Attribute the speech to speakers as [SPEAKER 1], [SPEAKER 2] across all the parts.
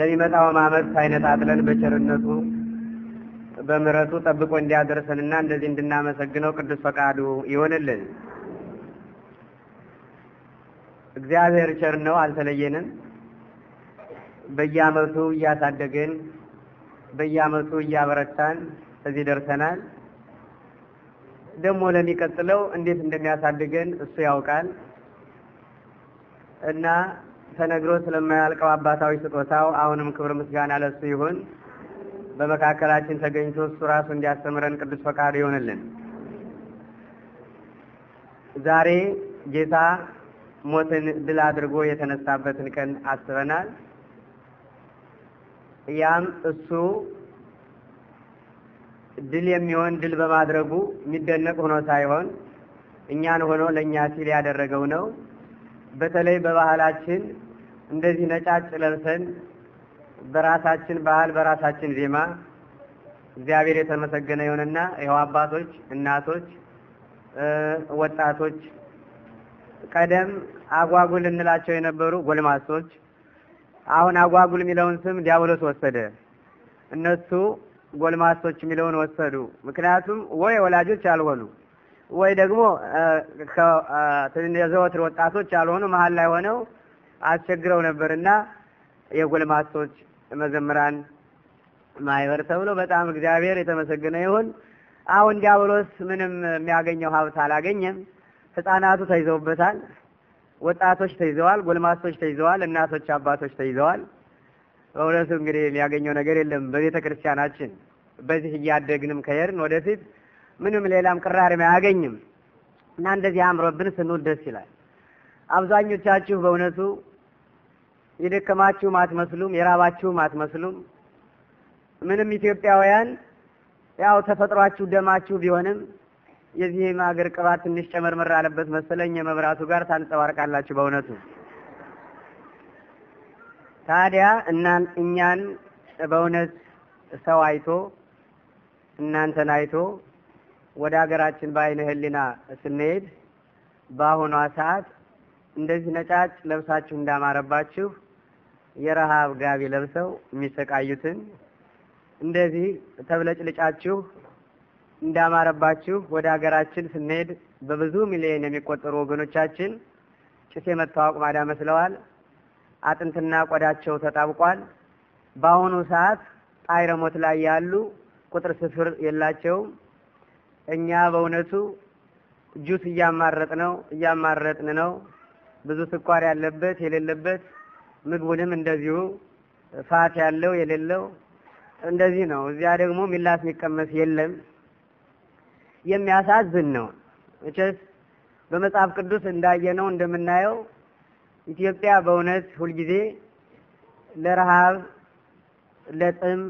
[SPEAKER 1] ለሚመጣው ዓመት ሳይነጣጥለን በቸርነቱ በምረቱ ጠብቆ እንዲያደርሰንና እንደዚህ እንድናመሰግነው ቅዱስ ፈቃዱ ይሆንልን። እግዚአብሔር ቸር ነው፣ አልተለየንም። በየአመቱ እያሳደገን በየአመቱ እያበረታን እዚህ ደርሰናል። ደግሞ ለሚቀጥለው እንዴት እንደሚያሳድገን እሱ ያውቃል እና ተነግሮ ስለማያልቀው አባታዊ ስጦታው አሁንም ክብር ምስጋና ለሱ ይሁን። በመካከላችን ተገኝቶ እሱ ራሱ እንዲያስተምረን ቅዱስ ፈቃዱ ይሆንልን። ዛሬ ጌታ ሞትን ድል አድርጎ የተነሳበትን ቀን አስበናል። ያም እሱ ድል የሚሆን ድል በማድረጉ የሚደነቅ ሆኖ ሳይሆን እኛን ሆኖ ለእኛ ሲል ያደረገው ነው። በተለይ በባህላችን እንደዚህ ነጫጭ ለብሰን በራሳችን ባህል በራሳችን ዜማ እግዚአብሔር የተመሰገነ ይሁንና ይኸው አባቶች፣ እናቶች፣ ወጣቶች ቀደም አጓጉል እንላቸው የነበሩ ጎልማሶች አሁን አጓጉል የሚለውን ስም ዲያብሎስ ወሰደ። እነሱ ጎልማሶች የሚለውን ወሰዱ። ምክንያቱም ወይ ወላጆች አልሆኑም ወይ ደግሞ የዘወትር ወጣቶች ያልሆኑ መሀል ላይ ሆነው አስቸግረው ነበርና የጎልማሶች መዘምራን ማይበር ተብሎ በጣም እግዚአብሔር የተመሰገነ ይሁን። አሁን ዲያብሎስ ምንም የሚያገኘው ሀብት አላገኘም። ህፃናቱ ተይዘውበታል። ወጣቶች ተይዘዋል። ጎልማሶች ተይዘዋል። እናቶች፣ አባቶች ተይዘዋል። በእውነቱ እንግዲህ የሚያገኘው ነገር የለም። በቤተ ክርስቲያናችን በዚህ እያደግንም ከሄድን ወደፊት ምንም ሌላም ቅራሪም አያገኝም እና እንደዚህ አምሮብን ስንውል ደስ ይላል። አብዛኞቻችሁ በእውነቱ የደከማችሁም አትመስሉም፣ የራባችሁም አትመስሉም። ምንም ኢትዮጵያውያን ያው ተፈጥሯችሁ ደማችሁ ቢሆንም የዚህም ሀገር ቅባት ትንሽ ጨመርመር አለበት መሰለኝ የመብራቱ ጋር ታንጸባርቃላችሁ በእውነቱ። ታዲያ እና እኛን በእውነት ሰው አይቶ እናንተን አይቶ ወደ ሀገራችን በአይነ ህሊና ስንሄድ በአሁኗ ሰዓት እንደዚህ ነጫጭ ለብሳችሁ እንዳማረባችሁ የረሃብ ጋቢ ለብሰው የሚሰቃዩትን እንደዚህ ተብለጭልጫችሁ እንዳማረባችሁ ወደ ሀገራችን ስንሄድ በብዙ ሚሊዮን የሚቆጠሩ ወገኖቻችን ጭስ የመታው ማዳ መስለዋል። አጥንትና ቆዳቸው ተጣብቋል። በአሁኑ ሰዓት ጣይረ ሞት ላይ ያሉ ቁጥር ስፍር የላቸውም። እኛ በእውነቱ ጁስ እያማረጥ ነው እያማረጥን ነው። ብዙ ስኳር ያለበት የሌለበት፣ ምግቡንም እንደዚሁ ፋት ያለው የሌለው እንደዚህ ነው። እዚያ ደግሞ ሚላስ የሚቀመስ የለም። የሚያሳዝን ነው። እቸስ በመጽሐፍ ቅዱስ እንዳየነው እንደምናየው ኢትዮጵያ በእውነት ሁልጊዜ ለረሃብ፣ ለጥም፣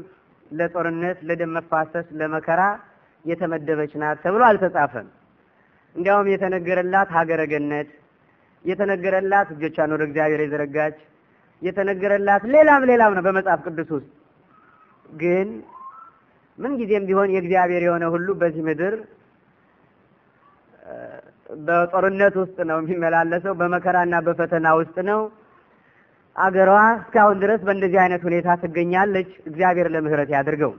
[SPEAKER 1] ለጦርነት፣ ለደም መፋሰስ፣ ለመከራ የተመደበች ናት ተብሎ አልተጻፈም። እንዲያውም የተነገረላት ሀገረ ገነት፣ የተነገረላት እጆቿን ወደ እግዚአብሔር የዘረጋች የተነገረላት ሌላም ሌላም ነው በመጽሐፍ ቅዱስ ውስጥ ግን ምን ጊዜም ቢሆን የእግዚአብሔር የሆነ ሁሉ በዚህ ምድር በጦርነት ውስጥ ነው የሚመላለሰው፣ በመከራና በፈተና ውስጥ ነው። አገሯ እስካሁን ድረስ በእንደዚህ አይነት ሁኔታ ትገኛለች። እግዚአብሔር ለምህረት ያድርገው።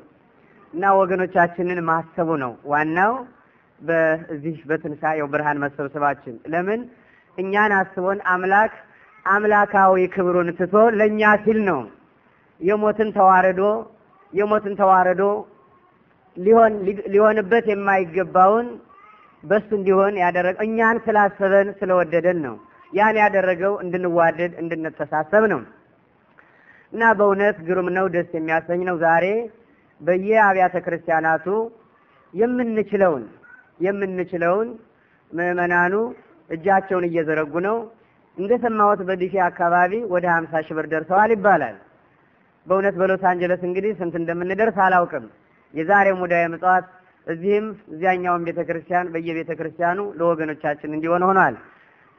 [SPEAKER 1] እና ወገኖቻችንን ማሰቡ ነው ዋናው በዚህ በትንሣኤው ብርሃን መሰብሰባችን። ለምን እኛን አስቦን አምላክ አምላካዊ ክብሩን ትቶ ለእኛ ሲል ነው የሞትን ተዋረዶ የሞትን ተዋረዶ ሊሆን ሊሆንበት የማይገባውን በሱ እንዲሆን ያደረገው እኛን ስላሰበን ስለወደደን ነው። ያን ያደረገው እንድንዋደድ እንድንተሳሰብ ነው። እና በእውነት ግሩም ነው፣ ደስ የሚያሰኝ ነው ዛሬ በየአብያተ ክርስቲያናቱ የምንችለውን የምንችለውን ምእመናኑ እጃቸውን እየዘረጉ ነው። እንደሰማሁት በዲሲ አካባቢ ወደ ሀምሳ ሺህ ብር ደርሰዋል ይባላል። በእውነት በሎስ አንጀለስ እንግዲህ ስንት እንደምንደርስ አላውቅም። የዛሬው ሙዳየ ምጽዋት እዚህም እዚያኛውን ቤተ ክርስቲያን በየቤተ ክርስቲያኑ ለወገኖቻችን እንዲሆን ሆኗል።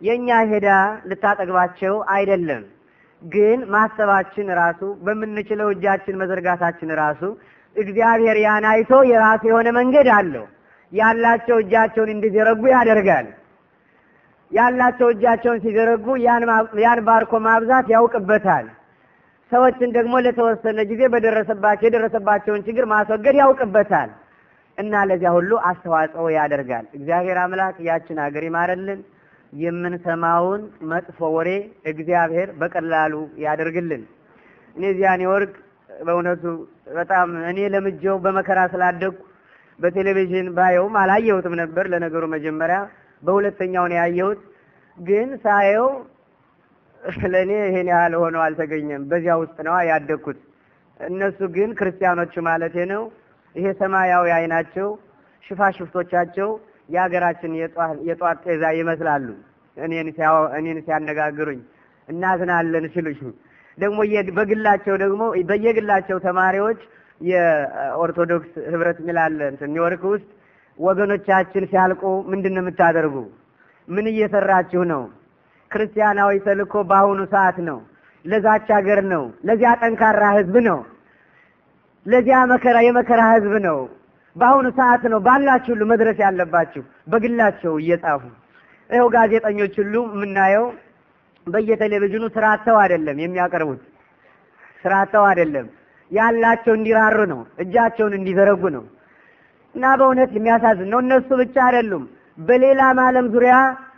[SPEAKER 1] የእኛ ሄዳ ልታጠግባቸው አይደለም፣ ግን ማሰባችን ራሱ በምንችለው እጃችን መዘርጋታችን ራሱ እግዚአብሔር ያን አይቶ የራሱ የሆነ መንገድ አለው። ያላቸው እጃቸውን እንዲዘረጉ ያደርጋል። ያላቸው እጃቸውን ሲዘረጉ ያን ባርኮ ማብዛት ያውቅበታል። ሰዎችን ደግሞ ለተወሰነ ጊዜ በደረሰባቸው የደረሰባቸውን ችግር ማስወገድ ያውቅበታል እና ለዚያ ሁሉ አስተዋጽኦ ያደርጋል። እግዚአብሔር አምላክ ያችን ሀገር ይማረልን። የምንሰማውን መጥፎ ወሬ እግዚአብሔር በቀላሉ ያደርግልን። እኔ ዚያኔ ወርቅ በእውነቱ በጣም እኔ ለምጀው በመከራ ስላደግኩ በቴሌቪዥን ባየውም አላየሁትም ነበር። ለነገሩ መጀመሪያ በሁለተኛው ነው ያየሁት። ግን ሳየው ለእኔ ይሄን ያህል ሆኖ አልተገኘም። በዚያ ውስጥ ነዋ ያደግኩት። እነሱ ግን ክርስቲያኖቹ ማለት ነው ይሄ ሰማያዊ አይናቸው ሽፋሽፍቶቻቸው የሀገራችን የጧት ጤዛ ይመስላሉ። እኔን ሲያነጋግሩኝ እናዝናለን ሲሉኝ ደግሞ በግላቸው ደግሞ በየግላቸው ተማሪዎች የኦርቶዶክስ ህብረት ሚላለ ኒውዮርክ ውስጥ ወገኖቻችን ሲያልቁ ምንድን ነው የምታደርጉ? ምን እየሰራችሁ ነው? ክርስቲያናዊ ተልእኮ በአሁኑ ሰዓት ነው፣ ለዛች ሀገር ነው፣ ለዚያ ጠንካራ ህዝብ ነው፣ ለዚያ መከራ የመከራ ህዝብ ነው፣ በአሁኑ ሰዓት ነው ባላችሁ ሁሉ መድረስ ያለባችሁ። በግላቸው እየጻፉ ይኸው ጋዜጠኞች ሁሉ የምናየው በየቴሌቪዥኑ ስራ አጥተው አይደለም የሚያቀርቡት፣ ስራ አጥተው አይደለም ያላቸው እንዲራሩ ነው፣ እጃቸውን እንዲዘረጉ ነው። እና በእውነት የሚያሳዝን ነው። እነሱ ብቻ አይደሉም። በሌላም ዓለም ዙሪያ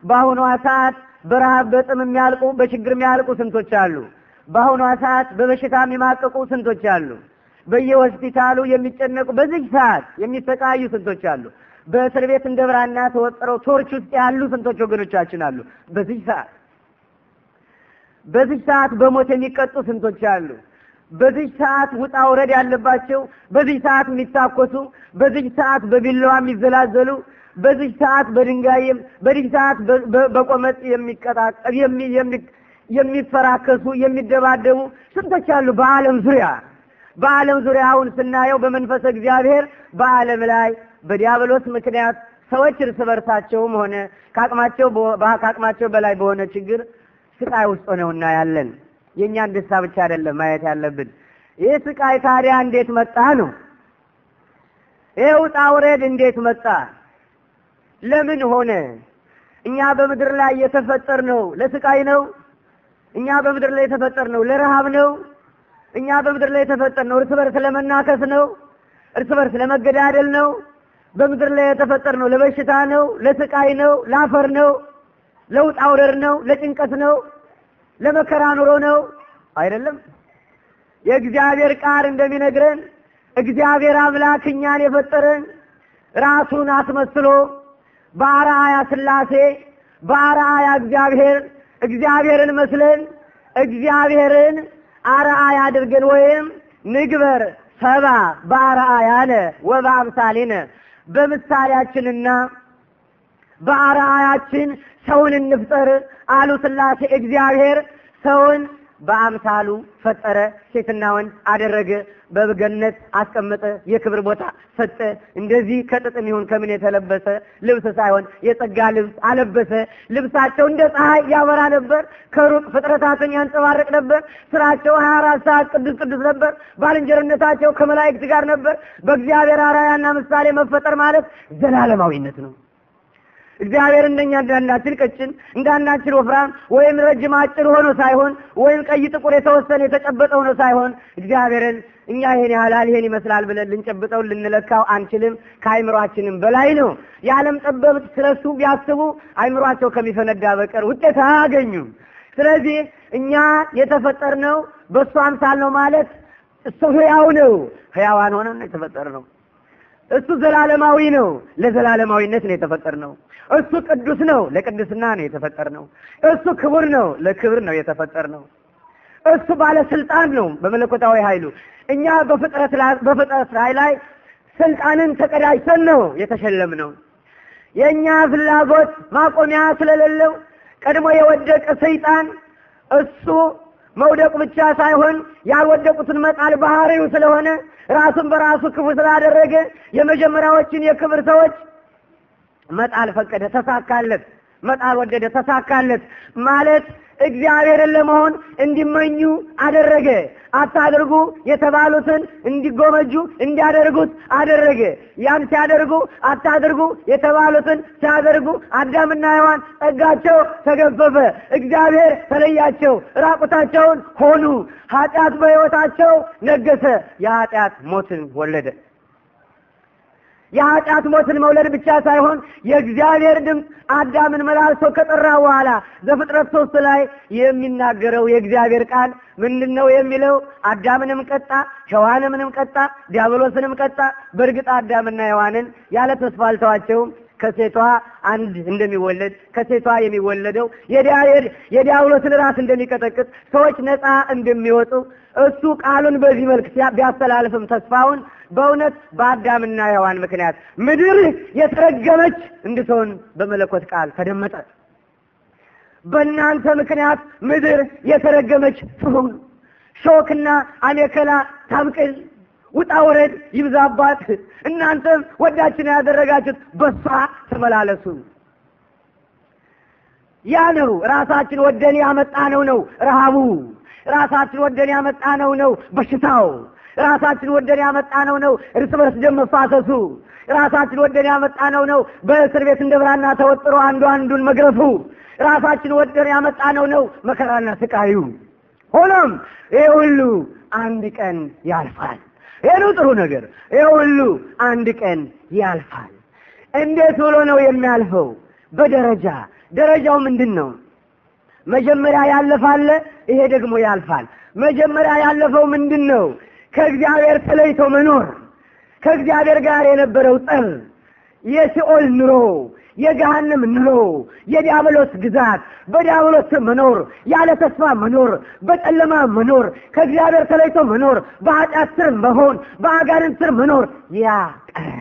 [SPEAKER 1] በአሁኗ ሰዓት በረሃብ በጥም የሚያልቁ በችግር የሚያልቁ ስንቶች አሉ። በአሁኗ ሰዓት በበሽታ የሚማቀቁ ስንቶች አሉ። በየሆስፒታሉ የሚጨነቁ በዚህ ሰዓት የሚሰቃዩ ስንቶች አሉ። በእስር ቤት እንደ ብራና ተወጥረው ቶርች ውስጥ ያሉ ስንቶች ወገኖቻችን አሉ በዚህ ሰዓት በዚህ ሰዓት በሞት የሚቀጡ ስንቶች አሉ። በዚህ ሰዓት ውጣ ውረድ ያለባቸው፣ በዚህ ሰዓት የሚታኮሱ፣ በዚህ ሰዓት በቢላዋ የሚዘላዘሉ፣ በዚህ ሰዓት በድንጋይም፣ በዚህ ሰዓት በቆመጥ የሚቀጣቀል የሚፈራከሱ፣ የሚደባደቡ ስንቶች አሉ በዓለም ዙሪያ በዓለም ዙሪያ አሁን ስናየው በመንፈስ እግዚአብሔር በዓለም ላይ በዲያብሎስ ምክንያት ሰዎች እርስ በርሳቸውም ሆነ ከአቅማቸው ከአቅማቸው በላይ በሆነ ችግር ስቃይ ውስጥ ነውና ያለን የእኛን ደስታ ብቻ አይደለም ማየት ያለብን። ይህ ስቃይ ታዲያ እንዴት መጣ ነው? ይህ ውጣ ውረድ እንዴት መጣ? ለምን ሆነ? እኛ በምድር ላይ የተፈጠር ነው ለስቃይ ነው? እኛ በምድር ላይ የተፈጠር ነው ለረሃብ ነው? እኛ በምድር ላይ የተፈጠር ነው እርስ በርስ ለመናከስ ነው? እርስ በርስ ለመገዳደል ነው? በምድር ላይ የተፈጠር ነው ለበሽታ ነው? ለስቃይ ነው? ለአፈር ነው? ለውጣ አውረር ነው፣ ለጭንቀት ነው፣ ለመከራ ኑሮ ነው አይደለም። የእግዚአብሔር ቃል እንደሚነግረን እግዚአብሔር አምላክ እኛን የፈጠረን ራሱን አስመስሎ በአርአያ ስላሴ በአርአያ እግዚአብሔር እግዚአብሔርን መስለን እግዚአብሔርን አርአያ አድርገን ወይም ንግበር ሰባ በአርአያነ ወበአምሳሌነ በምሳሌያችንና በአርአያችን ሰውን እንፍጠር አሉ ስላሴ። እግዚአብሔር ሰውን በአምሳሉ ፈጠረ፣ ሴትና ወንድ አደረገ፣ በገነት አስቀመጠ፣ የክብር ቦታ ሰጠ። እንደዚህ ከጥጥም ይሁን ከምን የተለበሰ ልብስ ሳይሆን የጸጋ ልብስ አለበሰ። ልብሳቸው እንደ ፀሐይ ያበራ ነበር፣ ከሩቅ ፍጥረታትን ያንጸባርቅ ነበር። ስራቸው ሀያ አራት ሰዓት ቅዱስ ቅዱስ ነበር። ባልንጀርነታቸው ከመላእክት ጋር ነበር። በእግዚአብሔር አራያና ምሳሌ መፈጠር ማለት ዘላለማዊነት ነው። እግዚአብሔር እንደኛ እንዳናችን ቀጭን እንዳናችን ወፍራም ወይም ረጅም አጭር ሆኖ ሳይሆን ወይም ቀይ ጥቁር የተወሰነ የተጨበጠ ሆኖ ሳይሆን እግዚአብሔርን እኛ ይሄን ያህላል ይሄን ይመስላል ብለን ልንጨብጠው ልንለካው አንችልም። ከአይምሯችንም በላይ ነው። የዓለም ጠበብት ስለሱ ቢያስቡ አይምሯቸው ከሚፈነዳ በቀር ውጤት አያገኙም። ስለዚህ እኛ የተፈጠርነው በእሱ አምሳል ነው ማለት እሱ ህያው ነው። ህያዋን ሆነን የተፈጠርነው እሱ ዘላለማዊ ነው። ለዘላለማዊነት ነው የተፈጠርነው። እሱ ቅዱስ ነው፣ ለቅድስና ነው የተፈጠር ነው። እሱ ክቡር ነው፣ ለክብር ነው የተፈጠር ነው። እሱ ባለስልጣን ነው በመለኮታዊ ኃይሉ። እኛ በፍጥረት በፍጥረት ላይ ስልጣንን ተቀዳጅተን ነው የተሸለም ነው። የእኛ ፍላጎት ማቆሚያ ስለሌለው ቀድሞ የወደቀ ሰይጣን እሱ መውደቁ ብቻ ሳይሆን ያልወደቁትን መጣል ባህሪው ስለሆነ ራሱን በራሱ ክፉ ስላደረገ የመጀመሪያዎችን የክብር ሰዎች መጣል ፈቀደ፣ ተሳካለት። መጣል ወደደ፣ ተሳካለት። ማለት እግዚአብሔርን ለመሆን እንዲመኙ አደረገ። አታድርጉ የተባሉትን እንዲጎመጁ እንዲያደርጉት አደረገ። ያን ሲያደርጉ አታድርጉ የተባሉትን ሲያደርጉ አዳምና ሔዋን ጸጋቸው ተገፈፈ፣ እግዚአብሔር ተለያቸው፣ ራቁታቸውን ሆኑ። ኃጢአት በሕይወታቸው ነገሰ። የኃጢአት ሞትን ወለደ። የኃጢአት ሞትን መውለድ ብቻ ሳይሆን የእግዚአብሔር ድምፅ አዳምን መላልሶ ከጠራ በኋላ ዘፍጥረት ሶስት ላይ የሚናገረው የእግዚአብሔር ቃል ምንድን ነው የሚለው? አዳምንም ቀጣ፣ ሔዋንንም ቀጣ፣ ዲያብሎስንም ቀጣ። በእርግጥ አዳምና ሔዋንን ያለ ተስፋ አልተዋቸውም። ከሴቷ አንድ እንደሚወለድ ከሴቷ የሚወለደው የዲያብሎስን ራስ እንደሚቀጠቅጥ ሰዎች ነፃ እንደሚወጡ እሱ ቃሉን በዚህ መልክ ቢያስተላልፍም ተስፋውን በእውነት በአዳምና ሔዋን ምክንያት ምድር የተረገመች እንድትሆን በመለኮት ቃል ተደመጠ። በእናንተ ምክንያት ምድር የተረገመች ትሁን፣ ሾክና አሜከላ ታብቅል፣ ውጣ ውረድ ይብዛባት። እናንተም ወዳችን ያደረጋችሁት በሷ ተመላለሱ። ያ ነው ራሳችን ወደን ያመጣነው ነው ረሃቡ ራሳችን ወደን ያመጣ ነው ነው በሽታው። ራሳችን ወደን ያመጣ ነው እርስ በርስ ደም መፋሰሱ። ራሳችን ወደን ያመጣ ነው በእስር ቤት እንደ ብራና ተወጥሮ አንዱ አንዱን መግረፉ። ራሳችን ወደን ያመጣ ነው መከራና ስቃዩ። ሆኖም ይህ ሁሉ አንድ ቀን ያልፋል። ይህ ነው ጥሩ ነገር። ይህ ሁሉ አንድ ቀን ያልፋል። እንዴት ብሎ ነው የሚያልፈው? በደረጃ ደረጃው ምንድን ነው? መጀመሪያ ያለፋለ፣ ይሄ ደግሞ ያልፋል። መጀመሪያ ያለፈው ምንድን ነው? ከእግዚአብሔር ተለይቶ መኖር፣ ከእግዚአብሔር ጋር የነበረው ጠብ፣ የሲኦል ኑሮ፣ የገሃነም ኑሮ፣ የዲያብሎስ ግዛት፣ በዲያብሎስ መኖር፣ ያለ ተስፋ መኖር፣ በጨለማ መኖር፣ ከእግዚአብሔር ተለይቶ መኖር፣ በኃጢአት ስር መሆን፣ በአጋርን ስር መኖር ያ ቀረ።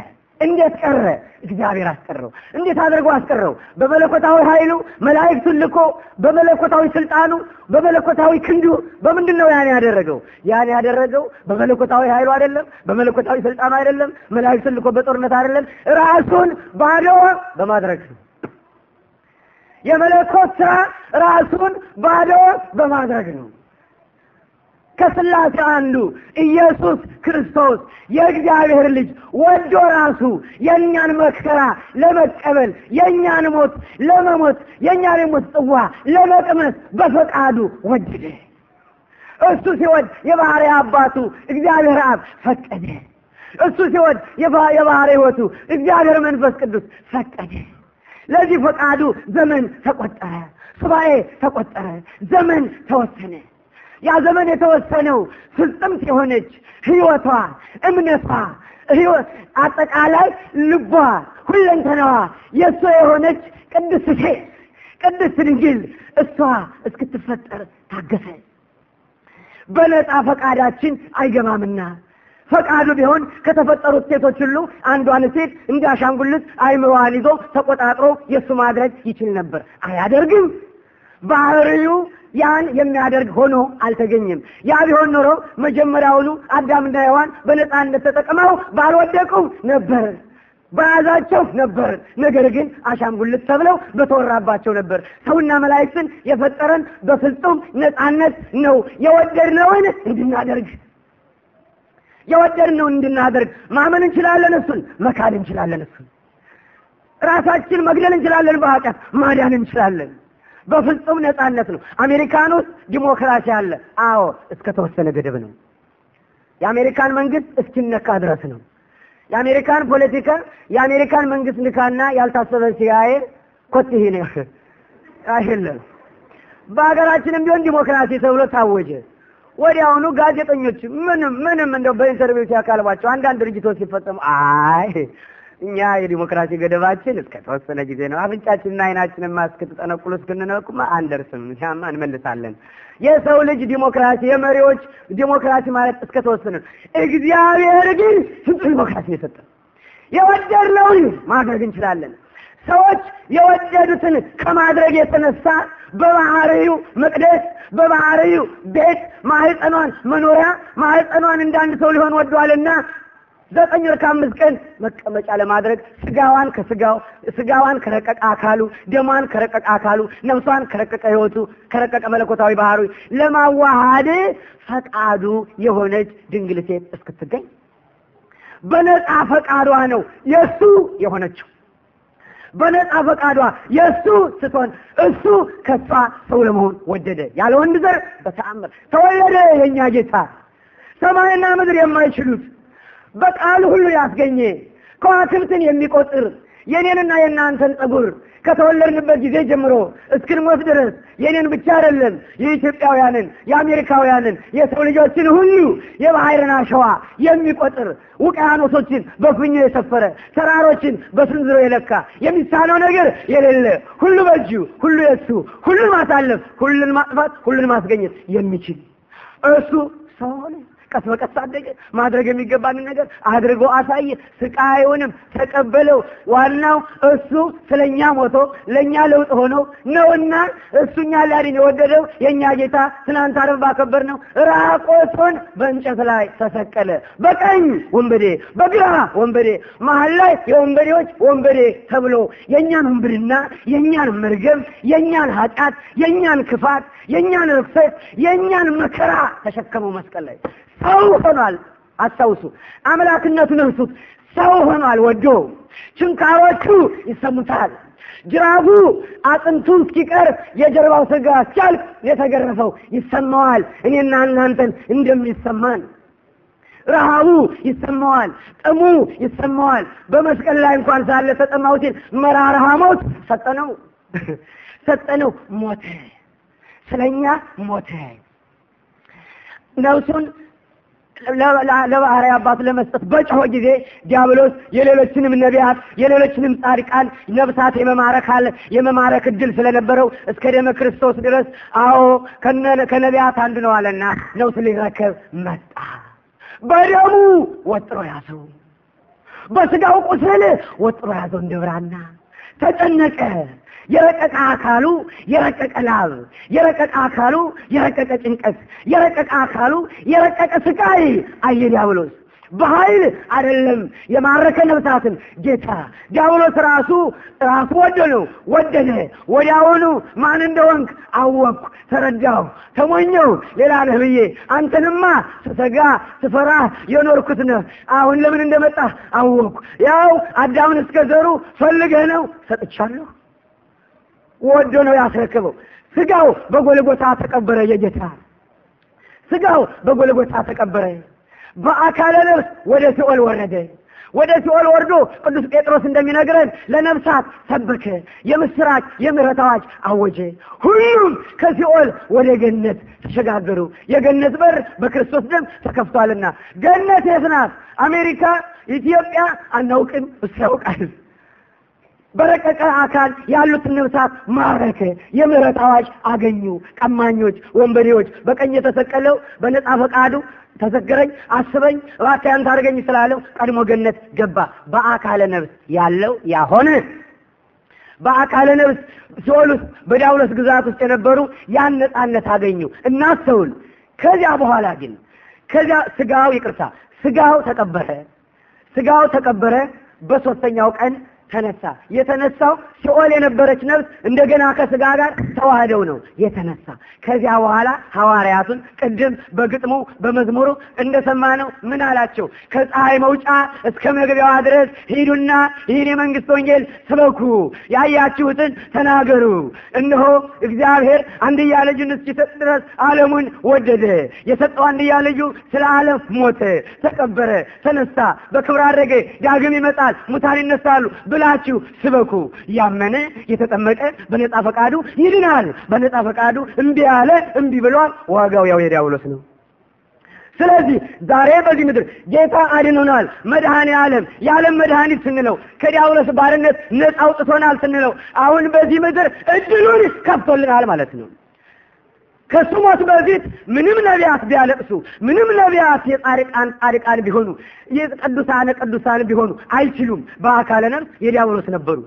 [SPEAKER 1] እንዴት ቀረ? እግዚአብሔር አስቀረው። እንዴት አድርጎ አስቀረው? በመለኮታዊ ኃይሉ መላእክቱ ልኮ በመለኮታዊ ስልጣኑ፣ በመለኮታዊ ክንዱ በምንድን ነው ያን ያደረገው? ያን ያደረገው በመለኮታዊ ኃይሉ አይደለም፣ በመለኮታዊ ስልጣኑ አይደለም፣ መላእክቱ ልኮ በጦርነት አይደለም፣ ራሱን ባዶ በማድረግ ነው። የመለኮት ስራ ራሱን ባዶ በማድረግ ነው። ከስላሴ አንዱ ኢየሱስ ክርስቶስ የእግዚአብሔር ልጅ ወዶ ራሱ የእኛን መከራ ለመቀበል የእኛን ሞት ለመሞት የእኛን የሞት ጽዋ ለመቅመስ በፈቃዱ ወደደ። እሱ ሲወድ የባህሪ አባቱ እግዚአብሔር አብ ፈቀደ። እሱ ሲወድ የባህሪ ሕይወቱ እግዚአብሔር መንፈስ ቅዱስ ፈቀደ። ለዚህ ፈቃዱ ዘመን ተቆጠረ፣ ሱባኤ ተቆጠረ፣ ዘመን ተወሰነ። ያ ዘመን የተወሰነው ፍጽምት የሆነች ህይወቷ፣ እምነቷ፣ አጠቃላይ ልቧ፣ ሁለንተናዋ የእሷ የሆነች ቅድስት ሴት ቅድስት ድንግል እሷ እስክትፈጠር ታገሰ። በነፃ ፈቃዳችን አይገባምና ፈቃዱ ቢሆን ከተፈጠሩት ሴቶች ሁሉ አንዷን ሴት እንደ አሻንጉልት አይምሮዋን ይዞ ተቆጣጥሮ የእሱ ማድረግ ይችል ነበር። አያደርግም። ባህሪው ያን የሚያደርግ ሆኖ አልተገኘም። ያ ቢሆን ኖሮ መጀመሪያውኑ አዳምና ሔዋን በነፃነት ተጠቅመው ባልወደቁም ነበር በያዛቸው ነበር። ነገር ግን አሻንጉልት ተብለው በተወራባቸው ነበር። ሰውና መላእክትን የፈጠረን በፍጹም ነፃነት ነው። የወደድነውን እንድናደርግ የወደድነውን እንድናደርግ ማመን እንችላለን፣ እሱን መካድ እንችላለን፣ እሱን ራሳችን መግደል እንችላለን፣ በኃጢአት ማዳን እንችላለን። በፍጹም ነጻነት ነው። አሜሪካን ውስጥ ዲሞክራሲ አለ። አዎ እስከ ተወሰነ ገደብ ነው። የአሜሪካን መንግስት እስኪነካ ድረስ ነው። የአሜሪካን ፖለቲካ የአሜሪካን መንግስት ንካና ያልታሰበ ሲያይ ኮት ይሄ ነው አይደለም። በሀገራችንም ቢሆን ዲሞክራሲ ተብሎ ታወጀ። ወዲያውኑ ጋዜጠኞች ምንም ምንም እንደው በኢንተርቪው ሲያካልባቸው አንዳንድ ድርጅቶች ሲፈጸሙ አይ እኛ የዲሞክራሲ ገደባችን እስከ ተወሰነ ጊዜ ነው። አፍንጫችንና አይናችንን እስክትጠነቁሉ እስክንነቁማ አንደርስም። ያማ እንመልሳለን። የሰው ልጅ ዲሞክራሲ የመሪዎች ዲሞክራሲ ማለት እስከ ተወሰነ ነው። እግዚአብሔር ግን ስንት ዲሞክራሲ ነው የሰጠን። የወደድነውን ማድረግ እንችላለን። ሰዎች የወደዱትን ከማድረግ የተነሳ በባህሪው መቅደስ በባህሪው ቤት ማህፀኗን መኖሪያ ማህፀኗን እንዳንድ ሰው ሊሆን ወዷልና ዘጠኝ ወር ከአምስት ቀን መቀመጫ ለማድረግ ስጋዋን ከስጋው ስጋዋን ከረቀቀ አካሉ፣ ደሟን ከረቀቀ አካሉ፣ ነፍሷን ከረቀቀ ህይወቱ ከረቀቀ መለኮታዊ ባህሩ ለማዋሃድ ፈቃዱ የሆነች ድንግል ሴት እስክትገኝ በነፃ ፈቃዷ ነው የእሱ የሆነችው። በነፃ ፈቃዷ የእሱ ስትሆን እሱ ከሷ ሰው ለመሆን ወደደ። ያለ ወንድ ዘር በተአምር ተወለደ የእኛ ጌታ። ሰማይና ምድር የማይችሉት በቃሉ ሁሉ ያስገኘ ከዋክብትን የሚቆጥር የኔንና የእናንተን ጸጉር ከተወለድንበት ጊዜ ጀምሮ እስክንሞት ድረስ የኔን ብቻ አይደለም የኢትዮጵያውያንን፣ የአሜሪካውያንን፣ የሰው ልጆችን ሁሉ የባህርን አሸዋ የሚቆጥር ውቅያኖሶችን በፍኞ የሰፈረ ተራሮችን በስንዝሮ የለካ የሚሳነው ነገር የሌለ ሁሉ በእጁ ሁሉ የሱ ሁሉን ማሳለፍ፣ ሁሉን ማጥፋት፣ ሁሉን ማስገኘት የሚችል እሱ ሰው ቀስ በቀስ አደገ። ማድረግ የሚገባንን ነገር አድርጎ አሳየ። ስቃዩንም ተቀበለው። ዋናው እሱ ስለኛ ሞቶ ለኛ ለውጥ ሆኖ ነውና እሱኛ ሊያድን የወደደው የኛ ጌታ ትናንት ዓርብ ባከበር ነው ራቆቱን በእንጨት ላይ ተሰቀለ። በቀኝ ወንበዴ፣ በግራ ወንበዴ፣ መሀል ላይ የወንበዴዎች ወንበዴ ተብሎ የእኛን ወንብድና፣ የእኛን መርገም፣ የእኛን ኃጢአት፣ የእኛን ክፋት የእኛን እርፈት የእኛን መከራ ተሸከመው መስቀል ላይ ሰው ሆኗል። አስታውሱ፣ አምላክነቱን እርሱት። ሰው ሆኗል ወዶ ችንካሮቹ ይሰሙታል። ጅራፉ አጥንቱ እስኪቀር የጀርባው ስጋ ሲያልቅ የተገረፈው ይሰማዋል። እኔና እናንተን እንደሚሰማን ረሃቡ ይሰማዋል፣ ጥሙ ይሰማዋል። በመስቀል ላይ እንኳን ሳለ ተጠማሁት መራራ ሞት ሰጠነው ሰጠነው ሞተ ስለኛ ሞተ። ነፍሱን ለባህሪ አባት ለመስጠት በጮሆ ጊዜ ዲያብሎስ የሌሎችንም ነቢያት የሌሎችንም ጻድቃን ነብሳት የመማረካል የመማረክ እድል ስለነበረው እስከ ደመ ክርስቶስ ድረስ አዎ ከነቢያት አንድ ነው አለና ነፍሱ ሊረከብ መጣ። በደሙ ወጥሮ ያዘው፣ በስጋው ቁስል ወጥሮ ያዘው። እንደብራና ተጨነቀ። የረቀቀ አካሉ የረቀቀ ላብ፣ የረቀቀ አካሉ የረቀቀ ጭንቀት፣ የረቀቀ አካሉ የረቀቀ ስቃይ አየ ዲያብሎስ። በኃይል አይደለም የማረከ ነብሳትን ጌታ ዲያብሎስ ራሱ ራሱ ወደነው ወደደ። ወዲያውኑ ማን እንደወንክ አወቅኩ፣ ተረዳሁ፣ ተሞኘው ሌላ ነህ ብዬ አንተንማ ስሰጋ ስፈራ የኖርኩት ነህ። አሁን ለምን እንደመጣ አወቅኩ። ያው አዳምን እስከ ዘሩ ፈልገህ ነው ሰጥቻለሁ ወዶ ነው ያስረከበው። ስጋው በጎልጎታ ተቀበረ። የጌታ ስጋው በጎልጎታ ተቀበረ። በአካለ ነፍስ ወደ ሲኦል ወረደ። ወደ ሲኦል ወርዶ ቅዱስ ጴጥሮስ እንደሚነግረን ለነፍሳት ሰበከ፣ የምስራች የምህረት አዋጅ አወጀ። ሁሉም ከሲኦል ወደ ገነት ተሸጋገሩ። የገነት በር በክርስቶስ ደም ተከፍቷልና። ገነት የት ናት? አሜሪካ፣ ኢትዮጵያ አናውቅም፣ እሱ ያውቃል። በረቀቀ አካል ያሉትን ነብሳት ማረከ። የምህረት አዋጅ አገኙ። ቀማኞች፣ ወንበዴዎች በቀኝ የተሰቀለው በነፃ ፈቃዱ ተዘገረኝ አስበኝ እባክህ አንተ አድርገኝ ስላለው ቀድሞ ገነት ገባ። በአካለ ነብስ ያለው ያሆነ በአካለ ነብስ ሲኦል ውስጥ ግዛት ውስጥ የነበሩ ያን ነፃነት አገኙ። እናስተውል። ከዚያ በኋላ ግን ከዚያ ስጋው ይቅርታ ስጋው ተቀበረ፣ ስጋው ተቀበረ። በሶስተኛው ቀን ተነሳ። የተነሳው ሲኦል የነበረች ነፍስ እንደገና ከስጋ ጋር ተዋህደው ነው የተነሳ። ከዚያ በኋላ ሐዋርያቱን ቅድም በግጥሙ በመዝሙሩ እንደሰማነው ምን አላቸው? ከፀሐይ መውጫ እስከ መግቢያዋ ድረስ ሂዱና ይህን የመንግስት ወንጌል ስበኩ፣ ያያችሁትን ተናገሩ። እነሆ እግዚአብሔር አንድያ ልጁን እስኪሰጥ ድረስ ዓለሙን ወደደ። የሰጠው አንድያ ልጁ ስለ ዓለም ሞተ፣ ተቀበረ፣ ተነሳ፣ በክብር አድረገ። ዳግም ይመጣል፣ ሙታን ይነሳሉ ብላችሁ ስበኩ። ያመነ የተጠመቀ በነጻ ፈቃዱ ይድናል። በነጻ ፈቃዱ እምቢ ያለ እምቢ ብሏል። ዋጋው ያው የዲያብሎስ ነው። ስለዚህ ዛሬ በዚህ ምድር ጌታ አድኖናል። መድኃኔ ዓለም የዓለም መድኃኒት ስንለው ከዲያብሎስ ባርነት ነጻ አውጥቶናል ስንለው አሁን በዚህ ምድር እድሉን ከፍቶልናል ማለት ነው። ከሱ ሞት በፊት ምንም ነቢያት ቢያለቅሱ ምንም ነቢያት የጻድቃን ጻድቃን ቢሆኑ የቅዱሳን ቅዱሳን ቢሆኑ አይችሉም። በአካለ ነፍስ የዲያብሎስ ነበሩ።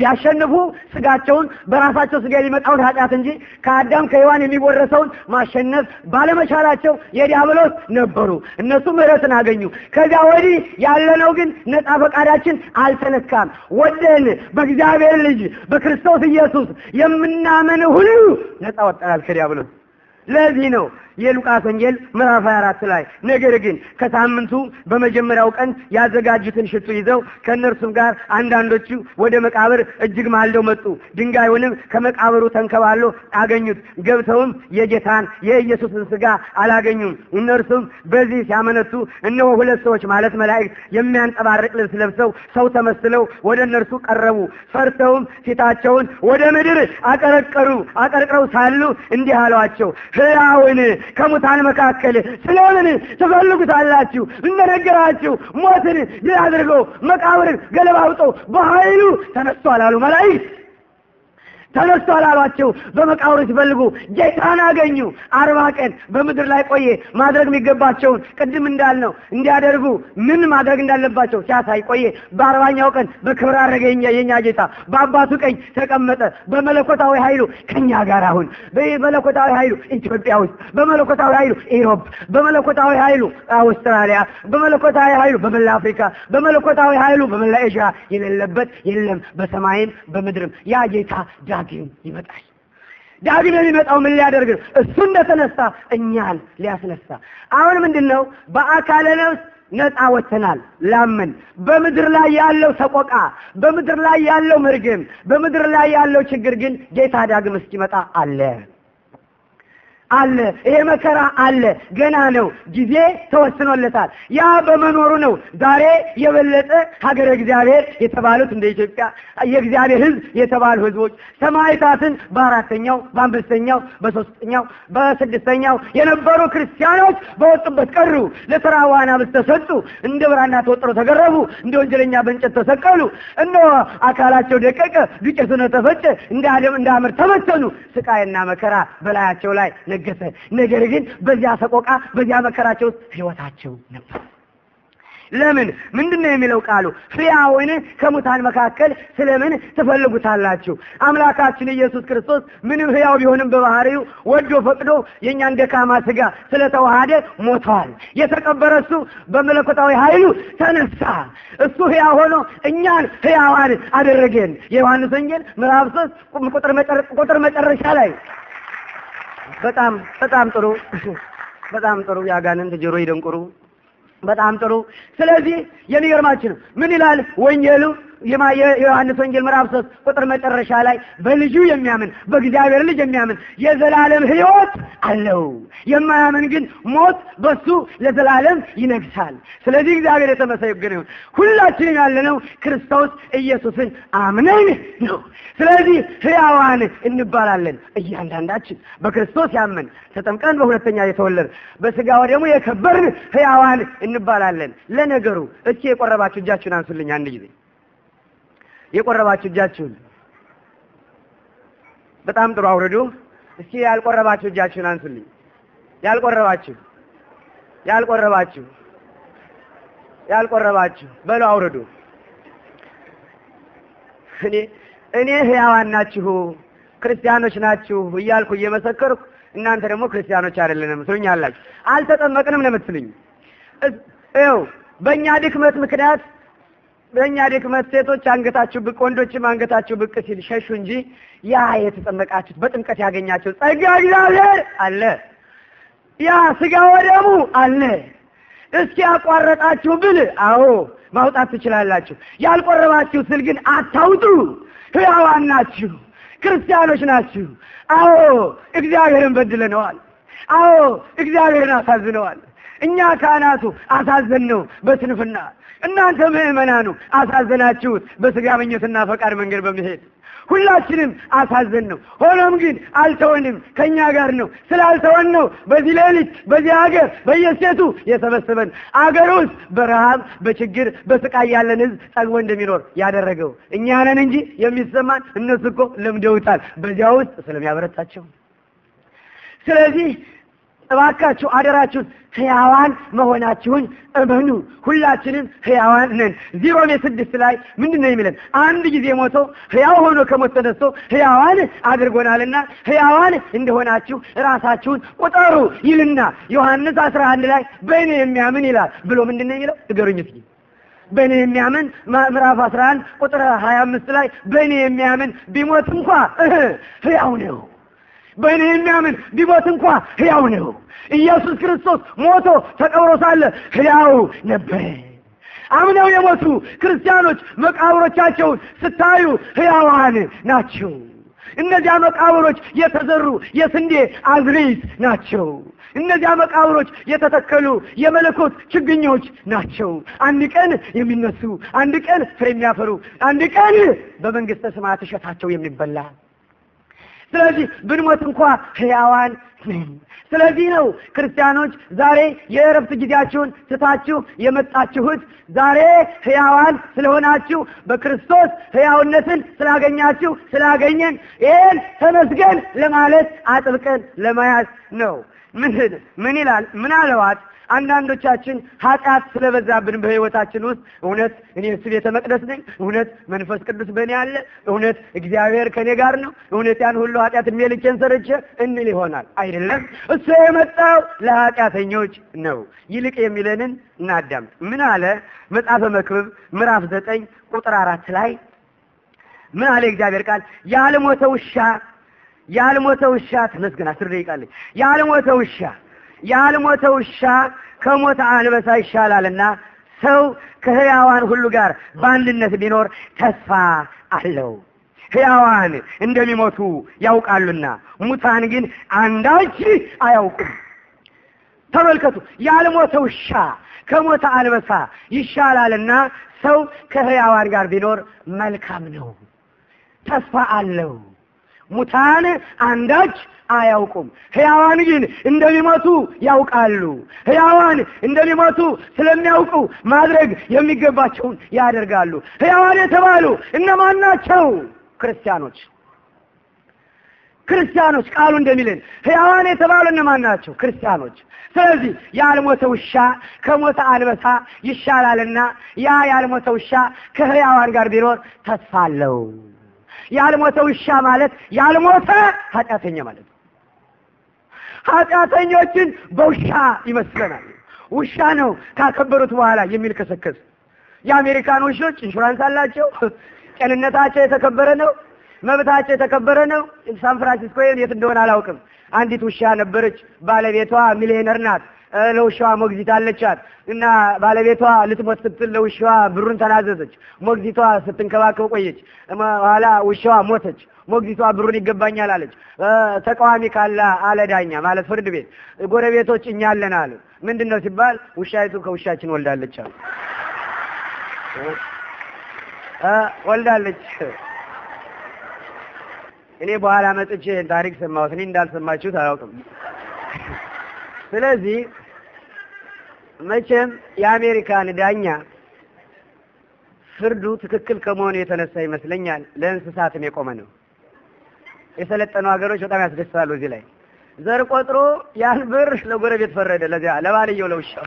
[SPEAKER 1] ቢያሸንፉ ስጋቸውን በራሳቸው ስጋ የሚመጣውን ኃጢአት እንጂ ከአዳም ከሔዋን የሚወረሰውን ማሸነፍ ባለመቻላቸው የዲያብሎስ ነበሩ። እነሱ ምሕረትን አገኙ። ከዚያ ወዲህ ያለነው ግን ነፃ ፈቃዳችን አልተነካም። ወደን በእግዚአብሔር ልጅ በክርስቶስ ኢየሱስ የምናመን። ሁሉ ነፃ ወጠናል ከዲያብሎስ። ለዚህ ነው የሉቃስ ወንጌል ምዕራፍ 24 ላይ ነገር ግን ከሳምንቱ በመጀመሪያው ቀን ያዘጋጁትን ሽቱ ይዘው ከእነርሱም ጋር አንዳንዶቹ ወደ መቃብር እጅግ ማልደው መጡ። ድንጋዩንም ከመቃብሩ ተንከባሎ አገኙት። ገብተውም የጌታን የኢየሱስን ስጋ አላገኙም። እነርሱም በዚህ ሲያመነቱ እነሆ ሁለት ሰዎች ማለት መላእክት የሚያንጸባርቅ ልብስ ለብሰው ሰው ተመስለው ወደ እነርሱ ቀረቡ። ፈርተውም ፊታቸውን ወደ ምድር አቀረቀሩ። አቀርቅረው ሳሉ እንዲህ አሏቸው፣ ሕያውን ከሙታን መካከል ስለምን ትፈልጉታላችሁ? እንደነገራችሁ ሞትን ድል አድርገው መቃብርን ገለባብጠው በኃይሉ ተነስቷል አሉ መላእክት። ተነስቷል አሏቸው። በመቃብሩ ሲፈልጉ ጌታን አገኙ። አርባ ቀን በምድር ላይ ቆየ። ማድረግ የሚገባቸውን ቅድም እንዳልነው እንዲያደርጉ ምን ማድረግ እንዳለባቸው ሲያሳይ ቆየ። በአርባኛው ቀን በክብር አረገ። የኛ ጌታ በአባቱ ቀኝ ተቀመጠ። በመለኮታዊ ኃይሉ ከኛ ጋር አሁን በመለኮታዊ ኃይሉ ኢትዮጵያ ውስጥ፣ በመለኮታዊ ኃይሉ ኢሮፕ፣ በመለኮታዊ ኃይሉ አውስትራሊያ፣ በመለኮታዊ ኃይሉ በመላ አፍሪካ፣ በመለኮታዊ ኃይሉ በመላ ኤዥያ የሌለበት የለም። በሰማይም በምድርም ያ ጌታ ዳግ ዳግም ይመጣል። ዳግም የሚመጣው ምን ሊያደርግ ነው? እሱ እንደተነሳ እኛን ሊያስነሳ። አሁን ምንድን ነው? በአካለ ነፍስ ነፃ ወጥተናል። ላምን በምድር ላይ ያለው ሰቆቃ፣ በምድር ላይ ያለው ምርግም፣ በምድር ላይ ያለው ችግር ግን ጌታ ዳግም እስኪመጣ አለ። አለ፣ ይሄ መከራ አለ፣ ገና ነው፣ ጊዜ ተወስኖለታል። ያ በመኖሩ ነው ዛሬ የበለጠ ሀገረ እግዚአብሔር የተባሉት እንደ ኢትዮጵያ የእግዚአብሔር ሕዝብ የተባሉ ሕዝቦች ሰማዕታትን በአራተኛው በአምስተኛው በሶስተኛው በስድስተኛው የነበሩ ክርስቲያኖች በወጡበት ቀሩ። ለተራዋ ብስ ተሰጡ፣ እንደ ብራና ተወጥሮ ተገረቡ፣ እንደ ወንጀለኛ በእንጨት ተሰቀሉ። እነሆ አካላቸው ደቀቀ፣ ዱቄቱ ተፈጨ፣ እንደ አደም እንደ አምር ተበተኑ። ስቃይና መከራ በላያቸው ላይ ነገሰ። ነገር ግን በዚያ ሰቆቃ፣ በዚያ መከራቸው ውስጥ ህይወታቸው ነበር። ለምን ምንድን ነው የሚለው ቃሉ? ሕያውን ከሙታን መካከል ስለምን ትፈልጉታላችሁ? አምላካችን ኢየሱስ ክርስቶስ ምንም ሕያው ቢሆንም በባህሪው ወዶ ፈቅዶ የእኛን ደካማ ስጋ ስለተዋሃደ ሞቷል። የተቀበረ እሱ በመለኮታዊ ኃይሉ ተነሳ። እሱ ሕያው ሆኖ እኛን ሕያዋን አደረገን። የዮሐንስ ወንጌል ምዕራፍ ሶስት ቁጥር መጨረሻ ላይ በጣም በጣም ጥሩ በጣም ጥሩ። ያጋንንት ጆሮ ይደንቁሩ። በጣም ጥሩ። ስለዚህ የሚገርማችን ምን ይላል ወንጌሉ የዮሐንስ ወንጌል ምዕራፍ 3 ቁጥር መጨረሻ ላይ በልጁ የሚያምን በእግዚአብሔር ልጅ የሚያምን የዘላለም ህይወት አለው። የማያምን ግን ሞት በሱ ለዘላለም ይነግሳል። ስለዚህ እግዚአብሔር የተመሰገነ ይሁን። ሁላችንም ያለነው ክርስቶስ ኢየሱስን አምነን ነው። ስለዚህ ህያዋን እንባላለን። እያንዳንዳችን በክርስቶስ ያመን ተጠምቀን በሁለተኛ የተወለድ በስጋው ደግሞ የከበርን ህያዋን እንባላለን። ለነገሩ እቺ የቆረባችሁ እጃችሁን አንሱልኝ አንድ ጊዜ የቆረባችሁ እጃችሁን በጣም ጥሩ አውርዱ። እስኪ ያልቆረባችሁ እጃችሁን አንሱልኝ። ያልቆረባችሁ ያልቆረባችሁ ያልቆረባችሁ በሉ አውርዱ። እኔ እኔ ህያዋን ናችሁ ክርስቲያኖች ናችሁ እያልኩ እየመሰከርኩ እናንተ ደግሞ ክርስቲያኖች አይደለንም ትሉኛላችሁ። አልተጠመቅንም ነው የምትሉኝ። ይኸው በእኛ ድክመት ምክንያት በእኛ ድክመት ሴቶች አንገታችሁ ብቅ፣ ወንዶችም አንገታችሁ ብቅ ሲል ሸሹ እንጂ ያ የተጠመቃችሁት በጥምቀት ያገኛችሁ ጸጋ እግዚአብሔር አለ። ያ ስጋ ወደሙ አለ። እስኪ ያቋረጣችሁ ብል አዎ ማውጣት ትችላላችሁ። ያልቆረባችሁ ስል ግን አታውጡ። ሕያዋን ናችሁ፣ ክርስቲያኖች ናችሁ። አዎ እግዚአብሔርን በድለነዋል። አዎ እግዚአብሔርን አሳዝነዋል። እኛ ካህናቱ አሳዘን ነው በስንፍና እናንተ ምእመናኑ አሳዘናችሁት በስጋ ምኞትና ፈቃድ መንገድ በመሄድ ሁላችንም አሳዘን ነው። ሆኖም ግን አልተወንም፣ ከእኛ ጋር ነው። ስላልተወን ነው በዚህ ሌሊት በዚህ ሀገር በየሴቱ የሰበሰበን አገር ውስጥ በረሃብ በችግር በስቃይ ያለን ህዝብ ጠግቦ እንደሚኖር ያደረገው እኛ ነን እንጂ የሚሰማን እነሱ እኮ ለምደውታል። በዚያ ውስጥ ስለሚያበረታቸው ስለዚህ እባካችሁ አደራችሁን ህያዋን መሆናችሁን እመኑ። ሁላችንም ህያዋን ነን። ዜሮሜ ስድስት ላይ ምንድን ነው የሚለን? አንድ ጊዜ ሞቶ ህያው ሆኖ ከሞት ተነስቶ ህያዋን አድርጎናልና ህያዋን እንደሆናችሁ ራሳችሁን ቁጠሩ ይልና ዮሐንስ አስራ አንድ ላይ በእኔ የሚያምን ይላል ብሎ ምንድን ነው የሚለው እገሩኝ እስኪ በእኔ የሚያምን ምዕራፍ አንድ ቁጥር አምስት ላይ በእኔ የሚያምን ቢሞት እንኳ ህያው ነው በእኔ የሚያምን ቢሞት እንኳ ሕያው ነው። ኢየሱስ ክርስቶስ ሞቶ ተቀብሮ ሳለ ሕያው ነበረ። አምነው የሞቱ ክርስቲያኖች መቃብሮቻቸውን ስታዩ ሕያዋን ናቸው። እነዚያ መቃብሮች የተዘሩ የስንዴ አዝርዕት ናቸው። እነዚያ መቃብሮች የተተከሉ የመለኮት ችግኞች ናቸው። አንድ ቀን የሚነሱ፣ አንድ ቀን ፍሬ የሚያፈሩ፣ አንድ ቀን በመንግሥተ ሰማያት እሸታቸው የሚበላ ስለዚህ ብንሞት እንኳ ህያዋን ስለዚህ ነው ክርስቲያኖች ዛሬ የእረፍት ጊዜያችሁን ስታችሁ የመጣችሁት። ዛሬ ህያዋን ስለሆናችሁ በክርስቶስ ህያውነትን ስላገኛችሁ ስላገኘን ይህን ተመስገን ለማለት አጥብቀን ለመያዝ ነው። ምን ምን ይላል ምን አለዋት አንዳንዶቻችን ኃጢአት ስለበዛብን በህይወታችን ውስጥ እውነት እኔ እሱ ቤተ መቅደስ ነኝ፣ እውነት መንፈስ ቅዱስ በእኔ አለ፣ እውነት እግዚአብሔር ከእኔ ጋር ነው፣ እውነት ያን ሁሉ ኃጢአት እድሜ ልኬን ሰርቼ እንል ይሆናል። አይደለም፣ እሱ የመጣው ለኃጢአተኞች ነው። ይልቅ የሚለንን እናዳምጥ። ምን አለ መጽሐፈ መክብብ ምዕራፍ ዘጠኝ ቁጥር አራት ላይ ምን አለ እግዚአብሔር ቃል ያልሞተ ውሻ ያልሞተ ውሻ ተመስገን። አስር ደቂቃ ያልሞተ ውሻ ያልሞተ ውሻ ከሞተ አንበሳ ይሻላልና ሰው ከህያዋን ሁሉ ጋር በአንድነት ቢኖር ተስፋ አለው። ህያዋን እንደሚሞቱ ያውቃሉና ሙታን ግን አንዳች አያውቁም። ተመልከቱ፣ ያልሞተ ውሻ ከሞተ አንበሳ ይሻላልና ሰው ከህያዋን ጋር ቢኖር መልካም ነው፣ ተስፋ አለው። ሙታን አንዳች አያውቁም፣ ህያዋን ግን እንደሚመቱ ያውቃሉ። ህያዋን እንደሚመቱ ስለሚያውቁ ማድረግ የሚገባቸውን ያደርጋሉ። ህያዋን የተባሉ እነማን ናቸው? ክርስቲያኖች ክርስቲያኖች ቃሉ እንደሚልን ህያዋን የተባሉ እነማን ናቸው? ክርስቲያኖች። ስለዚህ ያልሞተ ውሻ ከሞተ አንበሳ ይሻላልና ያ ያልሞተ ውሻ ከህያዋን ጋር ቢኖር ተስፋ አለው። ያልሞተ ውሻ ማለት ያልሞተ ኃጢአተኛ ማለት ነው። ኃጢአተኞችን በውሻ ይመስለናል። ውሻ ነው ካከበሩት በኋላ የሚል ከሰከስ የአሜሪካን ውሾች ኢንሹራንስ አላቸው። ጤንነታቸው የተከበረ ነው። መብታቸው የተከበረ ነው። ሳን ፍራንሲስኮ የት እንደሆነ አላውቅም። አንዲት ውሻ ነበረች። ባለቤቷ ሚሊዮነር ናት። ለውሻዋ ሞግዚት አለቻት እና ባለቤቷ ልትሞት ስትል ለውሻዋ ብሩን ተናዘዘች። ሞግዚቷ ስትንከባከብ ቆየች። ኋላ ውሻዋ ሞተች። ሞግዚቷ ብሩን ይገባኛል አለች። ተቃዋሚ ካለ አለ ዳኛ ማለት ፍርድ ቤት ጎረቤቶች እኛ አለን አሉ። ምንድን ነው ሲባል ውሻይቱ ከውሻችን ወልዳለች አሉ። ወልዳለች እኔ በኋላ መጥቼ ታሪክ ሰማሁት። እኔ እንዳልሰማችሁት አላውቅም። ስለዚህ መቼም የአሜሪካን ዳኛ ፍርዱ ትክክል ከመሆኑ የተነሳ ይመስለኛል ለእንስሳትም የቆመ ነው። የሰለጠኑ ሀገሮች በጣም ያስደስታሉ። እዚህ ላይ ዘር ቆጥሮ ያን ብር ለጎረቤት ፈረደ፣ ለዚያ ለባልየው ለውሻው።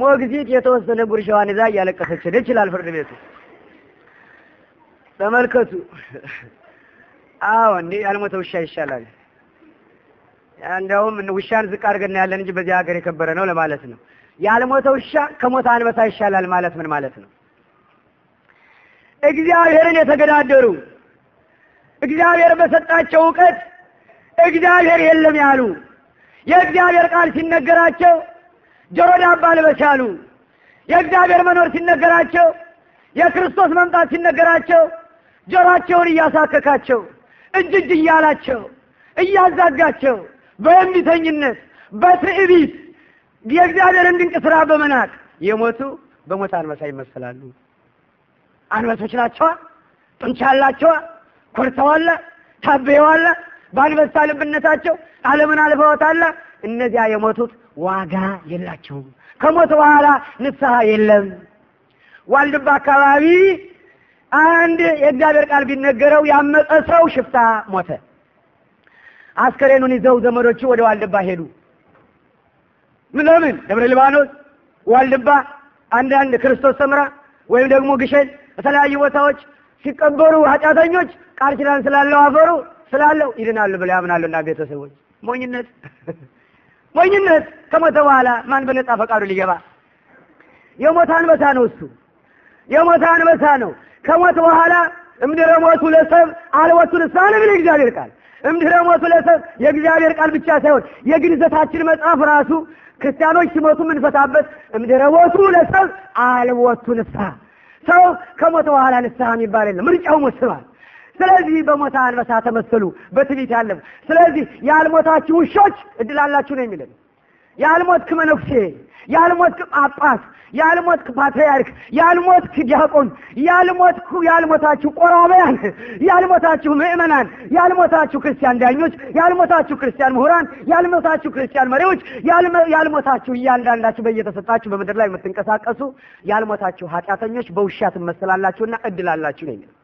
[SPEAKER 1] ሞግዚት የተወሰነ ጉርሻዋን ይዛ እያለቀሰች ይችላል ፍርድ ቤቱ ተመልከቱ። አዎ እንዲህ ያልሞተ ውሻ ይሻላል። እንደውም ውሻን ዝቅ አድርገን ያለን እንጂ በዚህ ሀገር የከበረ ነው ለማለት ነው። ያልሞተ ውሻ ከሞተ አንበሳ ይሻላል ማለት ምን ማለት ነው? እግዚአብሔርን የተገዳደሩ እግዚአብሔር በሰጣቸው እውቀት እግዚአብሔር የለም ያሉ የእግዚአብሔር ቃል ሲነገራቸው ጆሮ ዳባ ልበስ ያሉ የእግዚአብሔር መኖር ሲነገራቸው የክርስቶስ መምጣት ሲነገራቸው ጆሮአቸውን እያሳከካቸው እጅ እጅ እያላቸው እያዛጋቸው በእምቢተኝነት በትዕቢት የእግዚአብሔርን ድንቅ ስራ በመናቅ የሞቱ በሞት አንበሳ ይመስላሉ። አንበሶች ናቸዋ፣ ጡንቻ አላቸዋ፣ ኮርተዋላ፣ ታበየዋላ፣ በአንበሳ ልብነታቸው ዓለምን አልፈውታላ። እነዚያ የሞቱት ዋጋ የላቸውም። ከሞት በኋላ ንስሐ የለም። ዋልድባ አካባቢ አንድ የእግዚአብሔር ቃል ቢነገረው ያመፀ ሰው ሽፍታ ሞተ። አስከሬኑን ይዘው ዘመዶቹ ወደ ዋልድባ ሄዱ። ለምን ደብረ ሊባኖስ፣ ዋልድባ፣ አንዳንድ ክርስቶስ ሰምራ ወይም ደግሞ ግሸን በተለያዩ ቦታዎች ሲቀበሩ ኃጢአተኞች ቃል ኪዳን ስላለው አፈሩ ስላለው ይድናሉ ብለው ያምናሉና ቤተሰቦች ሞኝነት ሞኝነት። ከሞተ በኋላ ማን በነጻ ፈቃዱ ሊገባ? የሞተ አንበሳ ነው እሱ፣ የሞተ አንበሳ ነው። ከሞት በኋላ እምድረ ሞቱ ለሰብእ አልቦቱ ልሳነ ብል እግዚአብሔር ቃል እንዲህ ሞቱ ለሰብ የእግዚአብሔር ቃል ብቻ ሳይሆን የግንዘታችን መጽሐፍ ራሱ ክርስቲያኖች ሲሞቱ የምንፈታበት እምድረ ሞቱ ለሰብ አልሞቱ ንስሐ ሰው ከሞተ በኋላ ንስሐ የሚባል የለም። ምርጫው ሞት ስባል ስለዚህ በሞታ አንበሳ ተመሰሉ በትቢት ያለም። ስለዚህ ያልሞታችሁ ውሾች እድላላችሁ ነው የሚለን። ያልሞት መነኩሴ፣ ያልሞት ጳጳስ ያልሞትክ ፓትርያርክ፣ ያልሞትክ ዲያቆን፣ ያልሞትኩ ያልሞታችሁ ቆራቢያን፣ ያልሞታችሁ ምእመናን፣ ያልሞታችሁ ክርስቲያን ዳኞች፣ ያልሞታችሁ ክርስቲያን ምሁራን፣ ያልሞታችሁ ክርስቲያን መሪዎች፣ ያልሞታችሁ እያንዳንዳችሁ በየተሰጣችሁ በምድር ላይ የምትንቀሳቀሱ ያልሞታችሁ ኃጢአተኞች በውሻ ትመስላላችሁና እድላላችሁ ነው የሚለው።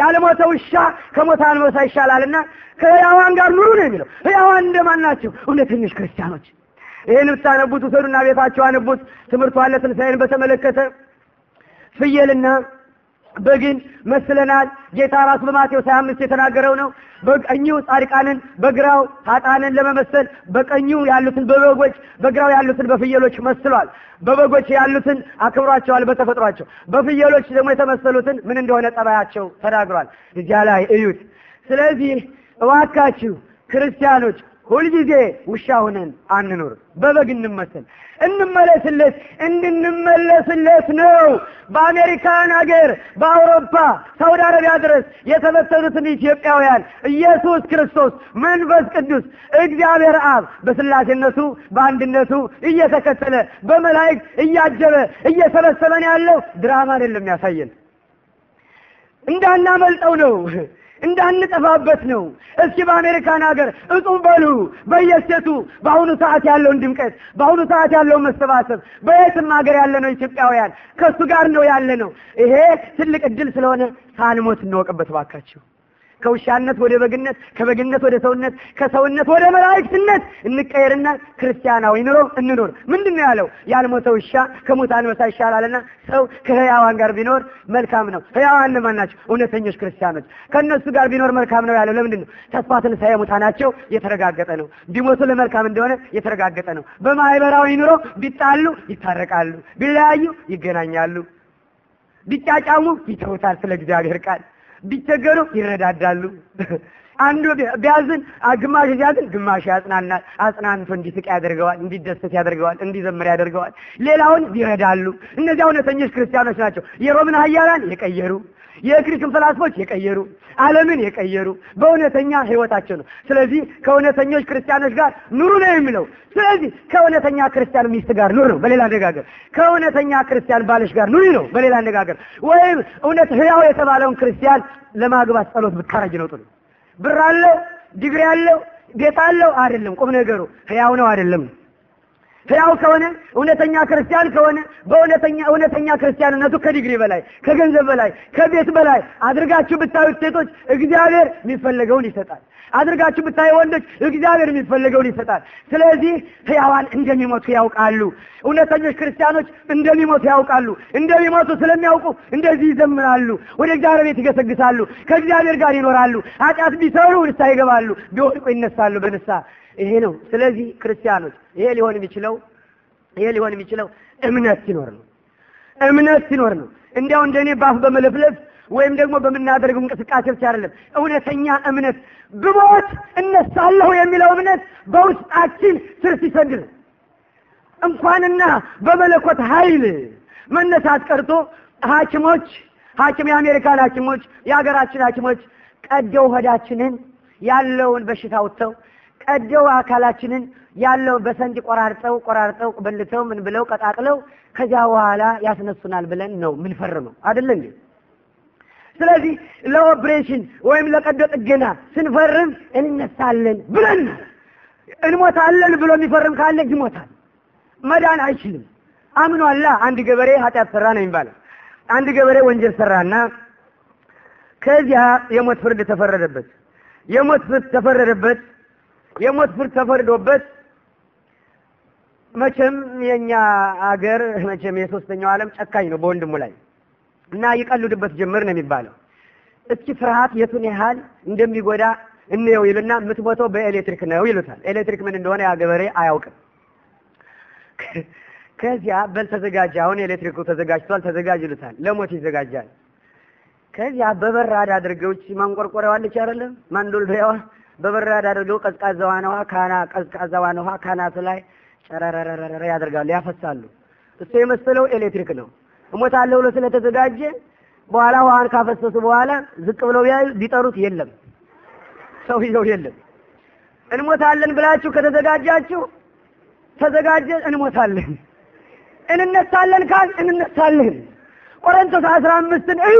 [SPEAKER 1] ያልሞተ ውሻ ከሞተ አንበሳ ይሻላልና ከሕያዋን ጋር ኑሩ ነው የሚለው። ሕያዋን እንደማን ናቸው? እውነተኞች ክርስቲያኖች ይህን ብታነቡት ውሰዱና ቤታቸው አንቡት። ትምህርቱ አለ። ትንሣኤን በተመለከተ ፍየልና በግን መስለናል። ጌታ ራሱ በማቴዎስ ሀያ አምስት የተናገረው ነው። በቀኙ ጻድቃንን በግራው ኃጥአንን ለመመሰል በቀኙ ያሉትን በበጎች በግራው ያሉትን በፍየሎች መስሏል። በበጎች ያሉትን አክብሯቸዋል በተፈጥሯቸው፣ በፍየሎች ደግሞ የተመሰሉትን ምን እንደሆነ ጠባያቸው ተናግሯል። እዚያ ላይ እዩት። ስለዚህ እባካችሁ ክርስቲያኖች ሁልጊዜ ውሻ ሆነን አንኖር፣ በበግ እንመስል፣ እንመለስለት እንድንመለስለት ነው። በአሜሪካን ሀገር፣ በአውሮፓ፣ ሳውዲ አረቢያ ድረስ የተበተኑትን ኢትዮጵያውያን ኢየሱስ ክርስቶስ መንፈስ ቅዱስ እግዚአብሔር አብ በስላሴነቱ በአንድነቱ እየተከተለ በመላእክት እያጀበ እየሰበሰበን ያለው ድራማ አይደለም ያሳየን፣ እንዳናመልጠው ነው። እንዳንጠፋበት ነው። እስኪ በአሜሪካን ሀገር እጹም በሉ በየሴቱ በአሁኑ ሰዓት ያለውን ድምቀት፣ በአሁኑ ሰዓት ያለውን መሰባሰብ፣ በየትም ሀገር ያለ ነው ኢትዮጵያውያን ከእሱ ጋር ነው ያለ ነው። ይሄ ትልቅ እድል ስለሆነ ሳንሞት እንወቅበት ባካችሁ። ከውሻነት ወደ በግነት፣ ከበግነት ወደ ሰውነት፣ ከሰውነት ወደ መላእክትነት እንቀየርና ክርስቲያናዊ ኑሮ እንኖር። ምንድን ነው ያለው? ያልሞተ ውሻ ከሞተ አንበሳ ይሻላልና ሰው ከህያዋን ጋር ቢኖር መልካም ነው። ህያዋን እነማን ናቸው? እውነተኞች ክርስቲያኖች። ከእነሱ ጋር ቢኖር መልካም ነው ያለው ለምንድን ነው? ተስፋ ትንሣኤ ሙታናቸው የተረጋገጠ ነው። ቢሞቱ ለመልካም እንደሆነ የተረጋገጠ ነው። በማህበራዊ ኑሮ ቢጣሉ ይታረቃሉ፣ ቢለያዩ ይገናኛሉ፣ ቢጫጫሙ ይተውታል ስለ እግዚአብሔር ቃል ቢቸገሩ ይረዳዳሉ። አንዱ ቢያዝን ግማሽ ሲያዝን ግማሽ ያጽናናል። አጽናንቶ እንዲስቅ ያደርገዋል፣ እንዲደሰት ያደርገዋል፣ እንዲዘምር ያደርገዋል። ሌላውን ይረዳሉ። እነዚያ እውነተኞች ክርስቲያኖች ናቸው። የሮምን ሀያላን የቀየሩ የግሪክን ፈላስፎች የቀየሩ ዓለምን የቀየሩ በእውነተኛ ህይወታቸው ነው። ስለዚህ ከእውነተኞች ክርስቲያኖች ጋር ኑሩ ነው የሚለው። ስለዚህ ከእውነተኛ ክርስቲያን ሚስት ጋር ኑር ነው በሌላ አነጋገር፣ ከእውነተኛ ክርስቲያን ባለሽ ጋር ኑሪ ነው በሌላ አነጋገር። ወይም እውነት ህያው የተባለውን ክርስቲያን ለማግባት ጸሎት ብታረጅ ነው ጥሩ። ብር አለው ዲግሪ አለው ቤት አለው አይደለም ቁም ነገሩ ህያው ነው አይደለም ሕያው ከሆነ እውነተኛ ክርስቲያን ከሆነ በእውነተኛ እውነተኛ ክርስቲያንነቱ ከዲግሪ በላይ ከገንዘብ በላይ ከቤት በላይ አድርጋችሁ ብታዩት ሴቶች እግዚአብሔር የሚፈለገውን ይሰጣል። አድርጋችሁ ብታዩ ወንዶች እግዚአብሔር የሚፈለገውን ይሰጣል። ስለዚህ ሕያዋን እንደሚሞቱ ያውቃሉ። እውነተኞች ክርስቲያኖች እንደሚሞቱ ያውቃሉ። እንደሚሞቱ ስለሚያውቁ እንደዚህ ይዘምራሉ። ወደ እግዚአብሔር ቤት ይገሰግሳሉ። ከእግዚአብሔር ጋር ይኖራሉ። ኃጢአት ቢሰሩ ንስሐ ይገባሉ። ቢወድቁ ይነሳሉ በንስሐ ይሄ ነው። ስለዚህ ክርስቲያኖች ይሄ ሊሆን የሚችለው ይሄ ሊሆን የሚችለው እምነት ሲኖር ነው። እምነት ሲኖር ነው። እንዲያው እንደኔ ባፍ በመለፍለፍ ወይም ደግሞ በምናደርገው እንቅስቃሴ ብቻ አይደለም። እውነተኛ እምነት ብሞት እነሳለሁ የሚለው እምነት በውስጣችን ስር ሲሰድ እንኳንና በመለኮት ኃይል መነሳት ቀርቶ ሐኪሞች ሐኪም የአሜሪካን ሐኪሞች የሀገራችን ሐኪሞች ቀደው ሆዳችንን ያለውን በሽታ አውጥተው ቀደው አካላችንን ያለው በሰንድ ቆራርጠው ቆራርጠው በልተው ምን ብለው ቀጣጥለው ከዚያ በኋላ ያስነሱናል ብለን ነው የምንፈርመው አይደለ እንዴ? ስለዚህ ለኦፕሬሽን ወይም ለቀዶ ጥገና ስንፈርም እንነሳለን ብለን እንሞታለን ብሎ የሚፈርም ካለ ይሞታል። መዳን አይችልም። አምኗላ። አንድ ገበሬ ኃጢአት ሰራ ነው የሚባለው። አንድ ገበሬ ወንጀል ሰራና ከዚያ የሞት ፍርድ ተፈረደበት። የሞት ፍርድ ተፈረደበት። የሞት ፍርድ ተፈርዶበት መቼም የእኛ አገር መቼም የሶስተኛው ዓለም ጨካኝ ነው በወንድሙ ላይ እና ይቀልዱበት ጀመር ነው የሚባለው። እስኪ ፍርሃት የቱን ያህል እንደሚጎዳ እንየው ይሉና የምትሞተው በኤሌክትሪክ ነው ይሉታል። ኤሌክትሪክ ምን እንደሆነ ያ ገበሬ አያውቅም። ከዚያ በል ተዘጋጅ፣ አሁን ኤሌክትሪኩ ተዘጋጅቷል፣ ተዘጋጅ ይሉታል። ለሞት ይዘጋጃል። ከዚያ በበራድ አድርገው እቺ አለች አይደለም ማንዶልዶያዋ በበራድ አድርገው ቀዝቃዛዋን ውሃ ካና ቀዝቃዛዋን ውሃ ካናት ላይ ጨረረረረ ያደርጋሉ፣ ያፈሳሉ። እሱ የመሰለው ኤሌክትሪክ ነው። እሞታለሁ ብሎ ስለተዘጋጀ በኋላ ውሃን ካፈሰሱ በኋላ ዝቅ ብለው ቢያዩ ቢጠሩት የለም፣ ሰውየው የለም። እንሞታለን ብላችሁ ከተዘጋጃችሁ ተዘጋጀ፣ እንሞታለን። እንነሳለን ካል እንነሳለን። ቆሮንቶስ አስራ አምስትን እይ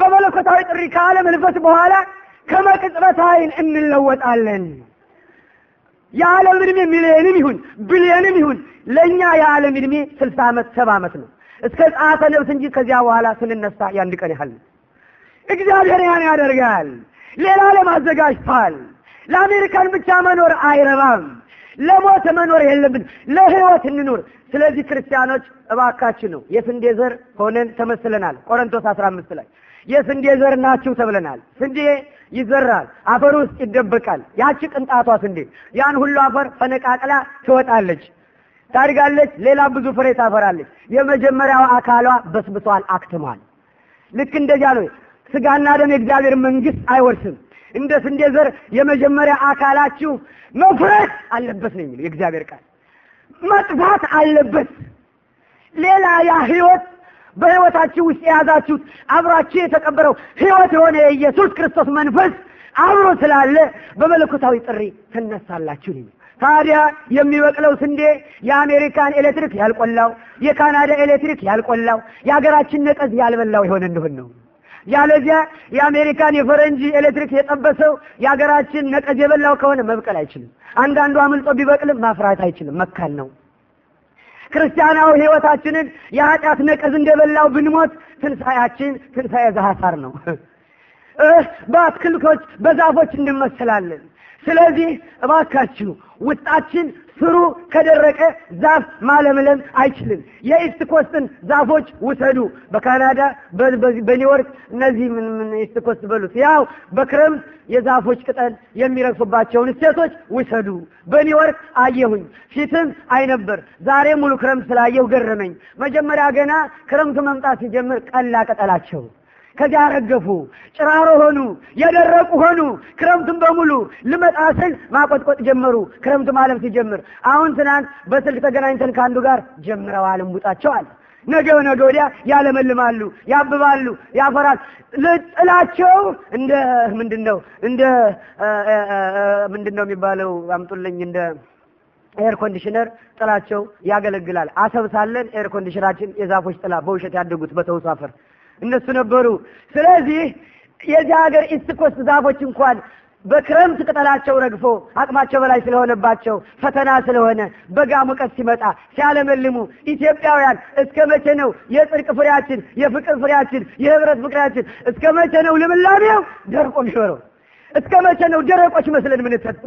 [SPEAKER 1] በመለኮታዊ ጥሪ ካለ መልፈት በኋላ ከመቅጽበት አይን እንለወጣለን። የዓለም እድሜ ሚሊዮንም ይሁን ቢሊዮንም ይሁን ለእኛ የዓለም ዕድሜ ስልሳ ዓመት ሰባ ዓመት ነው እስከ ጸአተ ነብስ እንጂ ከዚያ በኋላ ስንነሳ ያንድ ቀን ያህል ነው። እግዚአብሔር ያን ያደርጋል። ሌላ ዓለም ለአሜሪካን ብቻ መኖር አይረባም። ለሞት መኖር የለብን፣ ለህይወት እንኖር። ስለዚህ ክርስቲያኖች እባካችን ነው የስንዴ ዘር ሆነን ተመስለናል። ቆሮንቶስ አስራ አምስት ላይ የስንዴ ዘር ናችሁ ተብለናል። ስንዴ ይዘራል፣ አፈር ውስጥ ይደበቃል። ያቺ ቅንጣቷ ስንዴ ያን ሁሉ አፈር ፈነቃቅላ ትወጣለች፣ ታድጋለች፣ ሌላ ብዙ ፍሬ ታፈራለች። የመጀመሪያው አካሏ በስብሷል፣ አክትሟል። ልክ እንደዚያ ነው። ስጋና ደም የእግዚአብሔር መንግስት አይወርስም። እንደ ስንዴ ዘር የመጀመሪያ አካላችሁ መፍረስ አለበት ነው የሚለው የእግዚአብሔር ቃል። መጥፋት አለበት። ሌላ ያ ህይወት በህይወታችሁ ውስጥ የያዛችሁት አብራችሁ የተቀበረው ህይወት የሆነ የኢየሱስ ክርስቶስ መንፈስ አብሮ ስላለ በመለኮታዊ ጥሪ ትነሳላችሁ። ታዲያ የሚበቅለው ስንዴ የአሜሪካን ኤሌክትሪክ ያልቆላው፣ የካናዳ ኤሌክትሪክ ያልቆላው፣ የሀገራችን ነቀዝ ያልበላው የሆነ እንደሆን ነው። ያለዚያ የአሜሪካን የፈረንጅ ኤሌክትሪክ የጠበሰው የሀገራችን ነቀዝ የበላው ከሆነ መብቀል አይችልም። አንዳንዱ አምልጦ ቢበቅልም ማፍራት አይችልም። መካን ነው። ክርስቲያናዊ ህይወታችንን የኃጢአት ነቀዝ እንደበላው ብንሞት ትንሣያችን ትንሣኤ ዘሐሳር ነው። በአትክልቶች በዛፎች እንመስላለን። ስለዚህ እባካችሁ ውጣችን ስሩ ከደረቀ ዛፍ ማለምለም አይችልም። የኢስት ኮስትን ዛፎች ውሰዱ። በካናዳ በኒውዮርክ እነዚህ ምን ምን ኢስት ኮስት በሉት ያው በክረምት የዛፎች ቅጠል የሚረግፉባቸውን እሴቶች ውሰዱ። በኒውዮርክ አየሁኝ፣ ፊትም አይነበር። ዛሬ ሙሉ ክረምት ስላየሁ ገረመኝ። መጀመሪያ ገና ክረምቱ መምጣት ሲጀምር ቀላ ቅጠላቸው ከዚያ ረገፉ፣ ጭራሮ ሆኑ፣ የደረቁ ሆኑ። ክረምቱን በሙሉ ልመጣ ስል ማቆጥቆጥ ጀመሩ። ክረምቱ ማለም ሲጀምር አሁን ትናንት በስልክ ተገናኝተን ከአንዱ ጋር ጀምረዋል አለ። ነገ ነገ ወዲያ ያለመልማሉ፣ ያብባሉ፣ ያፈራል። ልጥላቸው እንደ ምንድን ነው እንደ ምንድን ነው የሚባለው አምጡልኝ እንደ ኤር ኮንዲሽነር ጥላቸው ያገለግላል። አሰብ ሳለን ኤር ኮንዲሽነራችን የዛፎች ጥላ በውሸት ያደጉት በተውሶ አፈር እነሱ ነበሩ። ስለዚህ የዚህ ሀገር ኢስትኮስት ዛፎች እንኳን በክረምት ቅጠላቸው ረግፎ አቅማቸው በላይ ስለሆነባቸው ፈተና ስለሆነ በጋ ሙቀት ሲመጣ ሲያለመልሙ ኢትዮጵያውያን እስከ መቼ ነው የጽድቅ ፍሬያችን፣ የፍቅር ፍሬያችን፣ የህብረት ፍቅሪያችን እስከ መቼ ነው ልምላሜው ደርቆ የሚኖረው? እስከ መቼ ነው ደረቆች መስለን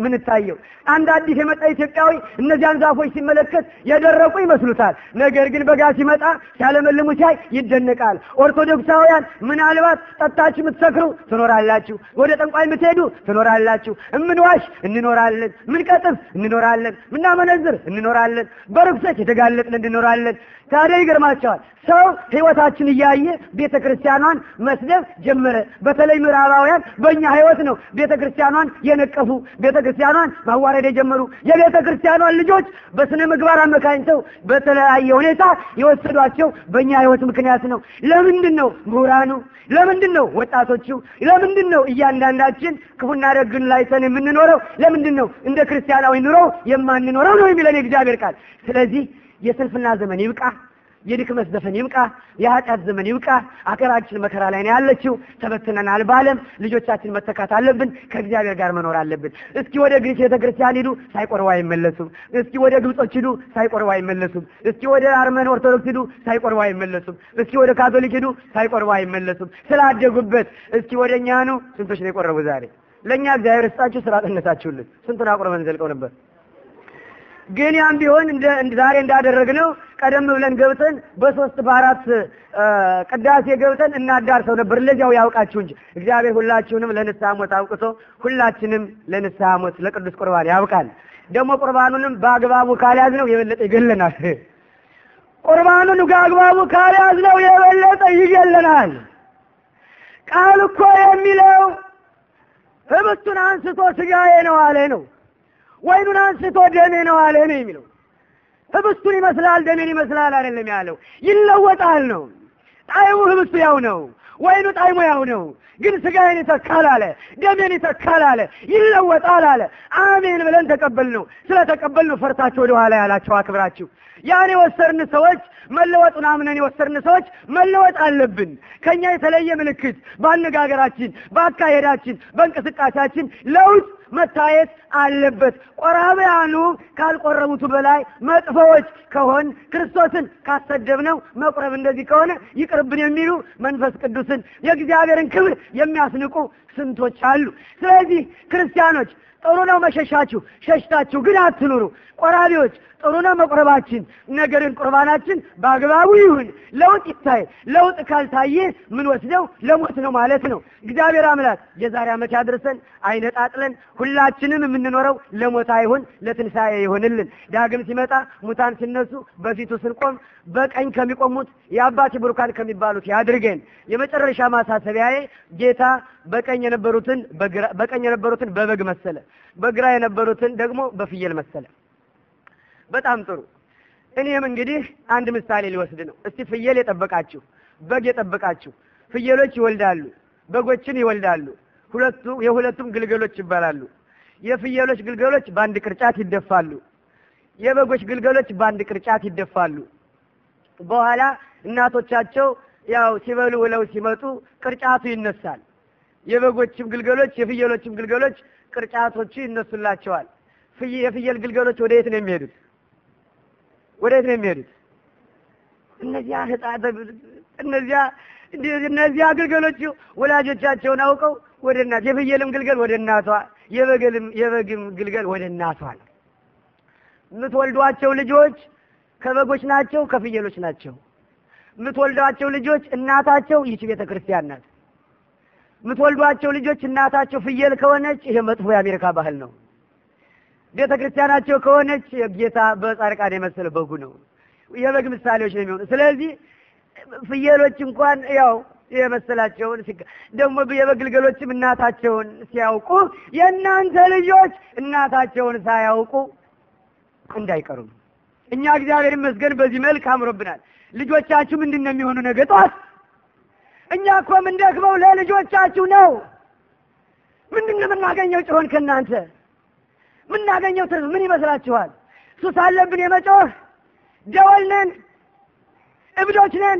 [SPEAKER 1] ምንታየው? አንድ አዲስ የመጣ ኢትዮጵያዊ እነዚያን ዛፎች ሲመለከት የደረቁ ይመስሉታል። ነገር ግን በጋ ሲመጣ ሲያለመልሙ ሲያይ ይደነቃል። ኦርቶዶክሳውያን ምናልባት ጠጣችሁ የምትሰክሩ ትኖራላችሁ፣ ወደ ጠንቋይ የምትሄዱ ትኖራላችሁ። እምንዋሽ እንኖራለን፣ ምንቀጥፍ እንኖራለን፣ ምናመነዝር እንኖራለን፣ በርኩሰት የተጋለጥን እንኖራለን። ታዲያ ይገርማቸዋል። ሰው ህይወታችን እያየ ቤተ ክርስቲያኗን መስደብ ጀመረ። በተለይ ምዕራባውያን በእኛ ህይወት ነው ቤተ ክርስቲያኗን የነቀፉ ቤተ ክርስቲያኗን ማዋረድ የጀመሩ የቤተ ክርስቲያኗን ልጆች በስነ ምግባር አመካኝተው በተለያየ ሁኔታ የወሰዷቸው በእኛ ህይወት ምክንያት ነው። ለምንድን ነው ምሁራኑ? ለምንድን ነው ወጣቶቹ? ለምንድን ነው እያንዳንዳችን ክፉና ደግን ላይተን የምንኖረው? ለምንድን ነው እንደ ክርስቲያናዊ ኑሮ የማንኖረው ነው የሚለን የእግዚአብሔር ቃል። ስለዚህ የስንፍና ዘመን ይብቃ። የድክመት ዘፈን ይብቃ፣ የኃጢአት ዘመን ይብቃ። አገራችን መከራ ላይ ነው ያለችው። ተበትነናል ባለም ልጆቻችን መተካት አለብን። ከእግዚአብሔር ጋር መኖር አለብን። እስኪ ወደ ግሪክ ቤተ ክርስቲያን ሂዱ፣ ሳይቆርቡ አይመለሱም። እስኪ ወደ ግብጾች ሂዱ፣ ሳይቆርቡ አይመለሱም። እስኪ ወደ አርመን ኦርቶዶክስ ሂዱ፣ ሳይቆርቡ አይመለሱም። እስኪ ወደ ካቶሊክ ሂዱ፣ ሳይቆርቡ አይመለሱም። ስላደጉበት እስኪ ወደ እኛ ነው። ስንቶች ነው የቆረቡ ዛሬ? ለእኛ እግዚአብሔር ስጣችሁ ስራ ጠነሳችሁልን። ስንቱን አቁርበን ዘልቀው ነበር። ግን ያም ቢሆን ዛሬ ነው ቀደም ብለን ገብተን በሶስት በአራት ቅዳሴ ገብተን እናዳርሰው ነበር። ለዚያው ያውቃችሁ እንጂ እግዚአብሔር ሁላችሁንም ለንስሐ ሞት አውቅቶ ሁላችንም ለንስሐ ሞት ለቅዱስ ቁርባን ያውቃል። ደግሞ ቁርባኑንም በአግባቡ ነው የበለጠ ይገለናል። ቁርባኑን በአግባቡ ነው የበለጠ ይገለናል። ቃል እኮ የሚለው ህብስቱን አንስቶ ስጋዬ ነው አለ ነው ወይኑን አንስቶ ደሜ ነው አለ ነው የሚለው። ህብስቱን ይመስላል ደሜን ይመስላል አይደለም ያለው፣ ይለወጣል ነው። ጣይሙ ህብስቱ ያው ነው፣ ወይኑ ጣይሙ ያው ነው። ግን ስጋዬን ይተካል አለ፣ ደሜን ይተካል አለ፣ ይለወጣል አለ። አሜን ብለን ተቀበል ነው። ስለ ተቀበል ነው ፈርታችሁ ወደ ኋላ ያላችሁ አክብራችሁ ያን የወሰድን ሰዎች መለወጡን አምነን የወሰድን ሰዎች መለወጥ አለብን። ከኛ የተለየ ምልክት በአነጋገራችን፣ በአካሄዳችን፣ በእንቅስቃሴያችን ለውጥ መታየት አለበት። ቆራቢያኑ ካልቆረቡቱ በላይ መጥፎዎች ከሆን ክርስቶስን ካሰደብነው መቁረብ እንደዚህ ከሆነ ይቅርብን የሚሉ መንፈስ ቅዱስን የእግዚአብሔርን ክብር የሚያስንቁ ስንቶች አሉ። ስለዚህ ክርስቲያኖች ጥሩ ነው መሸሻችሁ፣ ሸሽታችሁ ግን አትኑሩ። ቆራቢዎች፣ ጥሩ ነው መቁረባችን፣ ነገርን ቁርባናችን በአግባቡ ይሁን። ለውጥ ይታይ። ለውጥ ካልታየ ምን ወስደው ለሞት ነው ማለት ነው። እግዚአብሔር አምላክ የዛሬ ዓመት ያድርሰን፣ አይነጣጥለን። ሁላችንም የምንኖረው ለሞት አይሆን ለትንሣኤ ይሆንልን። ዳግም ሲመጣ ሙታን ሲነሱ በፊቱ ስንቆም በቀኝ ከሚቆሙት የአባቴ ቡሩካን ከሚባሉት ያድርገን። የመጨረሻ ማሳሰቢያዬ ጌታ በቀኝ የነበሩትን በቀኝ የነበሩትን በበግ መሰለ። በግራ የነበሩትን ደግሞ በፍየል መሰለ። በጣም ጥሩ። እኔም እንግዲህ አንድ ምሳሌ ሊወስድ ነው። እስቲ ፍየል የጠበቃችሁ፣ በግ የጠበቃችሁ፣ ፍየሎች ይወልዳሉ፣ በጎችን ይወልዳሉ። ሁለቱ የሁለቱም ግልገሎች ይባላሉ። የፍየሎች ግልገሎች በአንድ ቅርጫት ይደፋሉ። የበጎች ግልገሎች በአንድ ቅርጫት ይደፋሉ። በኋላ እናቶቻቸው ያው ሲበሉ ውለው ሲመጡ ቅርጫቱ ይነሳል። የበጎችም ግልገሎች የፍየሎችም ግልገሎች ቅርጫቶቹ ይነሱላቸዋል። የፍየል ግልገሎች ወደ የት ነው የሚሄዱት? ወደ የት ነው የሚሄዱት? እነዚያ እነዚያ እነዚያ ግልገሎች ወላጆቻቸውን አውቀው ወደ እናት የፍየልም ግልገል ወደ እናቷ የበግልም የበግም ግልገል ወደ እናቷ ነው። የምትወልዷቸው ልጆች ከበጎች ናቸው፣ ከፍየሎች ናቸው። የምትወልዷቸው ልጆች እናታቸው ይህች ቤተ ክርስቲያን ናት። የምትወልዷቸው ልጆች እናታቸው ፍየል ከሆነች ይሄ መጥፎ የአሜሪካ ባህል ነው። ቤተ ክርስቲያናቸው ከሆነች ጌታ በጻድቃን የመሰለ በጉ ነው። የበግ ምሳሌዎች ነው የሚሆኑ። ስለዚህ ፍየሎች እንኳን ያው የመሰላቸውን ደግሞ የበግ ግልገሎችም እናታቸውን ሲያውቁ የእናንተ ልጆች እናታቸውን ሳያውቁ እንዳይቀሩም እኛ እግዚአብሔር ይመስገን በዚህ መልክ አምሮብናል። ልጆቻችሁ ምንድን ነው የሚሆኑ ነገ ጠዋት እኛ እኮ ምንደክመው ለልጆቻችሁ ነው። ምንድን ነው የምናገኘው? ጭሆን ከእናንተ ምናገኘው ትርፍ ምን ይመስላችኋል? ሱስ አለብን የመጮህ ደወል ነን፣ እብዶች ነን።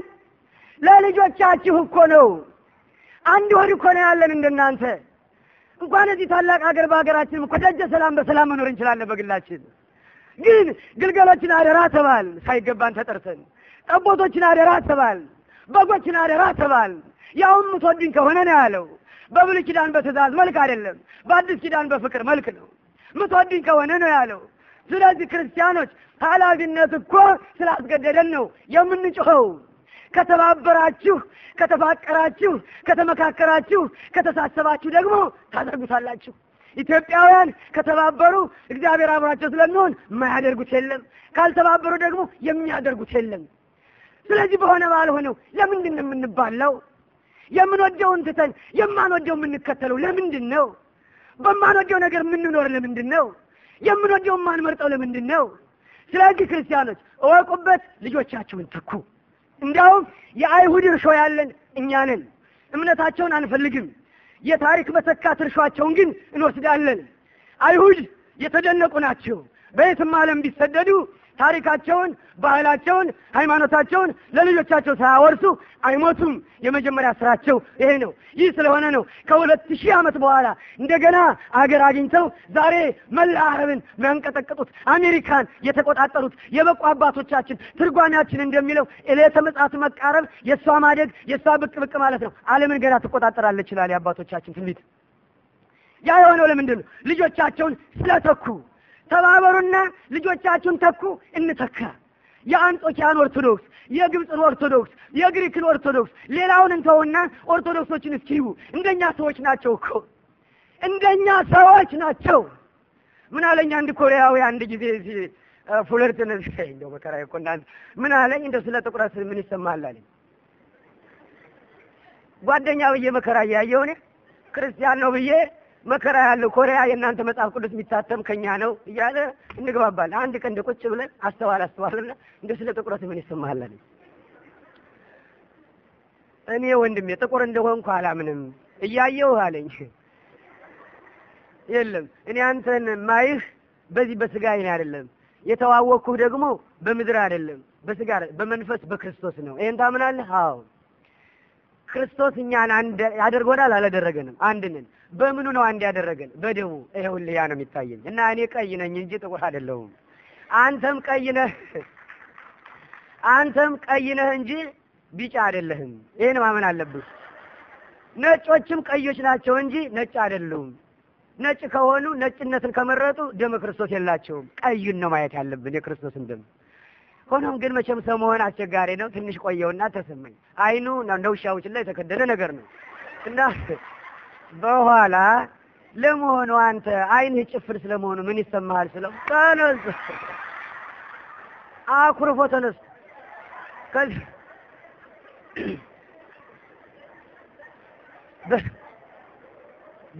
[SPEAKER 1] ለልጆቻችሁ እኮ ነው። አንድ ወድ እኮ ነው ያለን እንደናንተ። እንኳን እዚህ ታላቅ ሀገር በሀገራችንም እኮ ደጀ ሰላም በሰላም መኖር እንችላለን በግላችን። ግን ግልገሎችን አደራ ተባል ሳይገባን ተጠርተን፣ ጠቦቶችን አደራ ተባል በጎችን አደራ ተባል። ያውም የምትወዱኝ ከሆነ ነው ያለው። በብሉይ ኪዳን በትእዛዝ መልክ አይደለም፣ በአዲስ ኪዳን በፍቅር መልክ ነው። የምትወዱኝ ከሆነ ነው ያለው። ስለዚህ ክርስቲያኖች ኃላፊነት እኮ ስላስገደደን ነው የምንጮኸው። ከተባበራችሁ፣ ከተፋቀራችሁ፣ ከተመካከራችሁ፣ ከተሳሰባችሁ ደግሞ ታደርጉታላችሁ። ኢትዮጵያውያን ከተባበሩ እግዚአብሔር አብሯቸው ስለሚሆን የማያደርጉት የለም። ካልተባበሩ ደግሞ የሚያደርጉት የለም። ስለዚህ በሆነ ባልሆነው ለምንድን ነው የምንባለው? የምንወደውን ትተን የማንወደው የምንከተለው ለምንድን ነው? በማንወደው ነገር የምንኖር ለምንድን ነው? የምንወደው የማንመርጠው ለምንድን ነው? ስለዚህ ክርስቲያኖች እወቁበት፣ ልጆቻችሁን ትኩ። እንዲያውም የአይሁድ እርሾ ያለን እኛ ነን። እምነታቸውን አንፈልግም። የታሪክ መተካት እርሾአቸውን ግን እንወስዳለን። አይሁድ የተደነቁ ናቸው። በየትም ዓለም ቢሰደዱ ታሪካቸውን፣ ባህላቸውን፣ ሃይማኖታቸውን ለልጆቻቸው ሳያወርሱ አይሞቱም። የመጀመሪያ ስራቸው ይሄ ነው። ይህ ስለሆነ ነው ከሁለት ሺህ ዓመት በኋላ እንደገና አገር አግኝተው ዛሬ መላ አረብን የሚያንቀጠቅጡት አሜሪካን የተቆጣጠሩት የበቁ አባቶቻችን። ትርጓሚያችን እንደሚለው ዕለተ ምጽአት መቃረብ የእሷ ማደግ የእሷ ብቅ ብቅ ማለት ነው። ዓለምን ገና ትቆጣጠራለች ይችላል የአባቶቻችን ትንቢት። ያ የሆነው ለምንድን ነው? ልጆቻቸውን ስለተኩ ተባበሩና ልጆቻችሁን ተኩ፣ እንተካ። የአንጦኪያን ኦርቶዶክስ፣ የግብፅን ኦርቶዶክስ፣ የግሪክን ኦርቶዶክስ፣ ሌላውን እንተውና ኦርቶዶክሶችን እስኪዩ። እንደኛ ሰዎች ናቸው እኮ እንደኛ ሰዎች ናቸው። ምን አለኝ አንድ ኮሪያዊ አንድ ጊዜ ፉለርት እንደው መከራ እኮ እናንተ ምን አለኝ እንደ ስለ ጥቁረት ምን ይሰማል አለኝ ጓደኛ ብዬ መከራ እያየሁ እኔ ክርስቲያን ነው ብዬ መከራ ያለው ኮሪያ የእናንተ መጽሐፍ ቅዱስ የሚታተም ከኛ ነው እያለ እንግባባል። አንድ ቀን እንደ ቁጭ ብለን አስተዋል አስተዋልና እንደ ስለ ጥቁረት ምን ይሰማሃለን? እኔ ወንድሜ ጥቁር እንደሆንኩ አላምንም እያየው አለኝ። የለም እኔ አንተን ማይህ በዚህ በስጋ ይሄን አይደለም የተዋወቅኩህ ደግሞ በምድር አይደለም በስጋ በመንፈስ በክርስቶስ ነው። ይሄን ታምናለህ? አዎ ክርስቶስ እኛን አንድ ያደርጎናል አላደረገንም? አንድ ነን። በምኑ ነው አንድ ያደረገን? በደሙ። ይኸውልህ ያ ነው የሚታየኝ እና እኔ ቀይ ነኝ እንጂ ጥቁር አይደለሁም። አንተም ቀይ ነህ፣ አንተም ቀይ ነህ እንጂ ቢጫ አይደለህም። ይሄን ማመን አለብህ። ነጮችም ቀዮች ናቸው እንጂ ነጭ አይደሉም። ነጭ ከሆኑ ነጭነትን ከመረጡ ደመ ክርስቶስ የላቸውም። ቀዩን ነው ማየት ያለብን የክርስቶስን ደም። ሆኖም ግን መቼም ሰሞን አስቸጋሪ ነው። ትንሽ ቆየውና ተሰማኝ። አይኑ እንደ ውሻዎች ላይ የተከደነ ነገር ነው እና በኋላ ለመሆኑ አንተ አይንህ ጭፍር ስለመሆኑ ምን ይሰማሃል? ስለው ተነስ አኩርፎ ተነስ። ከዚህ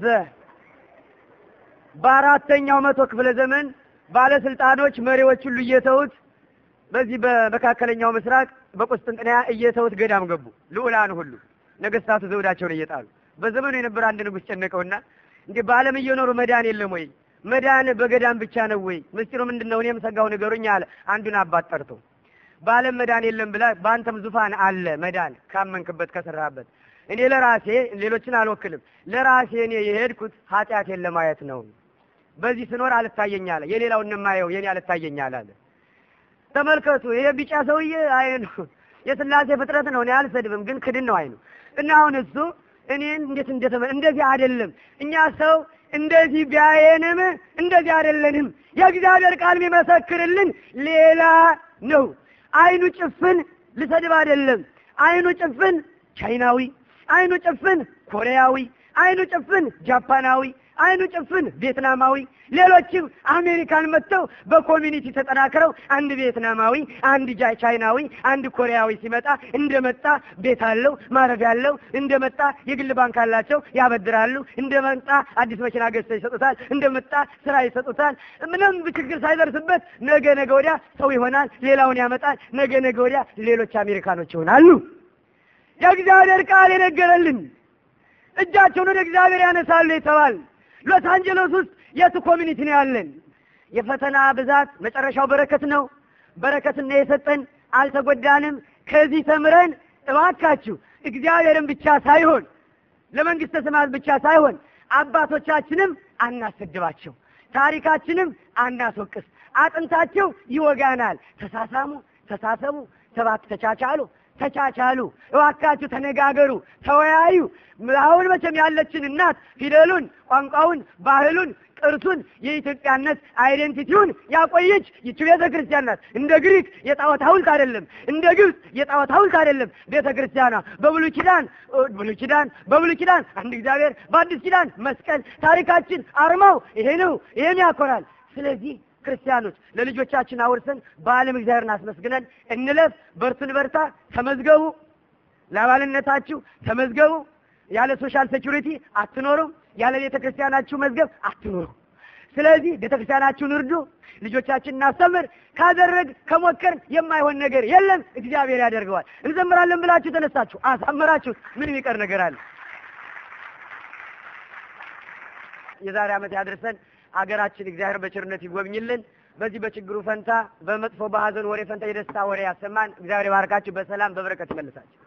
[SPEAKER 1] በ በአራተኛው መቶ ክፍለ ዘመን ባለስልጣኖች መሪዎች ሁሉ እየተውት በዚህ በመካከለኛው ምስራቅ በቁስጥንጥንያ እየተውት ገዳም ገቡ። ልዑላን ሁሉ ነገስታቱ ዘውዳቸውን እየጣሉ በዘመኑ የነበረ አንድ ንጉሥ ጨነቀውና እንዴ በዓለም እየኖሩ መዳን የለም ወይ? መዳን በገዳም ብቻ ነው ወይ? ምስጢሩ ምንድን ነው? እኔም ሰጋው ንገሩኝ አለ። አንዱን አባት ጠርቶ በዓለም መዳን የለም ብላ በአንተም ዙፋን አለ መዳን ካመንክበት ከሰራበት እኔ ለራሴ ሌሎችን አልወክልም። ለራሴ እኔ የሄድኩት ኃጢአቴን ለማየት ነው። በዚህ ስኖር አልታየኝ አለ። የሌላውን የማየው የኔ አልታየኝ አለ። ተመልከቱ፣ ይሄ ቢጫ ሰውዬ አይኑ የስላሴ ፍጥረት ነው። እኔ አልሰድብም፣ ግን ክድን ነው አይኑ እና አሁን እሱ እኔን እንዴት እንደተመ እንደዚህ አይደለም። እኛ ሰው እንደዚህ ቢያየንም እንደዚህ አይደለንም። የእግዚአብሔር ቃል የሚመሰክርልን ሌላ ነው። አይኑ ጭፍን ልሰድብ አይደለም። አይኑ ጭፍን ቻይናዊ፣ አይኑ ጭፍን ኮሪያዊ፣ አይኑ ጭፍን ጃፓናዊ፣ አይኑ ጭፍን ቪየትናማዊ ሌሎችም አሜሪካን መጥተው በኮሚኒቲ ተጠናክረው አንድ ቪየትናማዊ፣ አንድ ቻይናዊ፣ አንድ ኮሪያዊ ሲመጣ እንደመጣ ቤት አለው ማረፍ ያለው እንደመጣ የግል ባንክ አላቸው ያበድራሉ። እንደመጣ አዲስ መኪና ገዝተው ይሰጡታል። እንደመጣ ስራ ይሰጡታል። ምንም ችግር ሳይደርስበት ነገ ነገ ወዲያ ሰው ይሆናል። ሌላውን ያመጣል። ነገ ነገ ወዲያ ሌሎች አሜሪካኖች ይሆናሉ። የእግዚአብሔር ቃል የነገረልን እጃቸውን ወደ እግዚአብሔር ያነሳሉ የተባል ሎስ አንጀሎስ ውስጥ የቱ ኮሚኒቲ ነው ያለን? የፈተና ብዛት መጨረሻው በረከት ነው። በረከትና የሰጠን አልተጎዳንም። ከዚህ ተምረን እባካችሁ እግዚአብሔርን ብቻ ሳይሆን ለመንግስተ ሰማያት ብቻ ሳይሆን አባቶቻችንም አናሰድባቸው፣ ታሪካችንም አናስወቅስ። አጥንታቸው ይወጋናል። ተሳሳሙ፣ ተሳሰቡ፣ ተባክ ተቻቻሉ፣ ተቻቻሉ፣ እባካችሁ ተነጋገሩ፣ ተወያዩ። አሁን መቼም ያለችን እናት ፊደሉን፣ ቋንቋውን፣ ባህሉን፣ ቅርሱን፣ የኢትዮጵያነት አይዴንቲቲውን ያቆየች ይቺ ቤተ ክርስቲያን ናት። እንደ ግሪክ የጣዖት ሐውልት አይደለም፣ እንደ ግብፅ የጣዖት ሐውልት አይደለም። ቤተ ክርስቲያኗ በብሉይ ኪዳን ብሉይ ኪዳን በብሉይ ኪዳን አንድ እግዚአብሔር፣ በአዲስ ኪዳን መስቀል። ታሪካችን አርማው ይሄ ነው። ይሄም ያኮራል። ስለዚህ ክርስቲያኖች ለልጆቻችን አውርሰን በዓለም እግዚአብሔርን አስመስግነን እንለፍ። በርቱን፣ በርታ። ተመዝገቡ፣ ለአባልነታችሁ ተመዝገቡ። ያለ ሶሻል ሴኩሪቲ አትኖሩም። ያለ ቤተ ክርስቲያናችሁ መዝገብ አትኖሩ ስለዚህ ቤተ ክርስቲያናችሁን እርዱ፣ ልጆቻችን እናስተምር። ካደረግ ከሞከር የማይሆን ነገር የለም፣ እግዚአብሔር ያደርገዋል። እንዘምራለን ብላችሁ ተነሳችሁ አሳመራችሁ ምን የሚቀር ነገር አለ? የዛሬ ዓመት ያድርሰን። ሀገራችን እግዚአብሔር በቸርነት ይጎብኝልን። በዚህ በችግሩ ፈንታ፣ በመጥፎ በሀዘን ወሬ ፈንታ የደስታ ወሬ ያሰማን። እግዚአብሔር ይባርካችሁ። በሰላም በበረከት ይመልሳችሁ።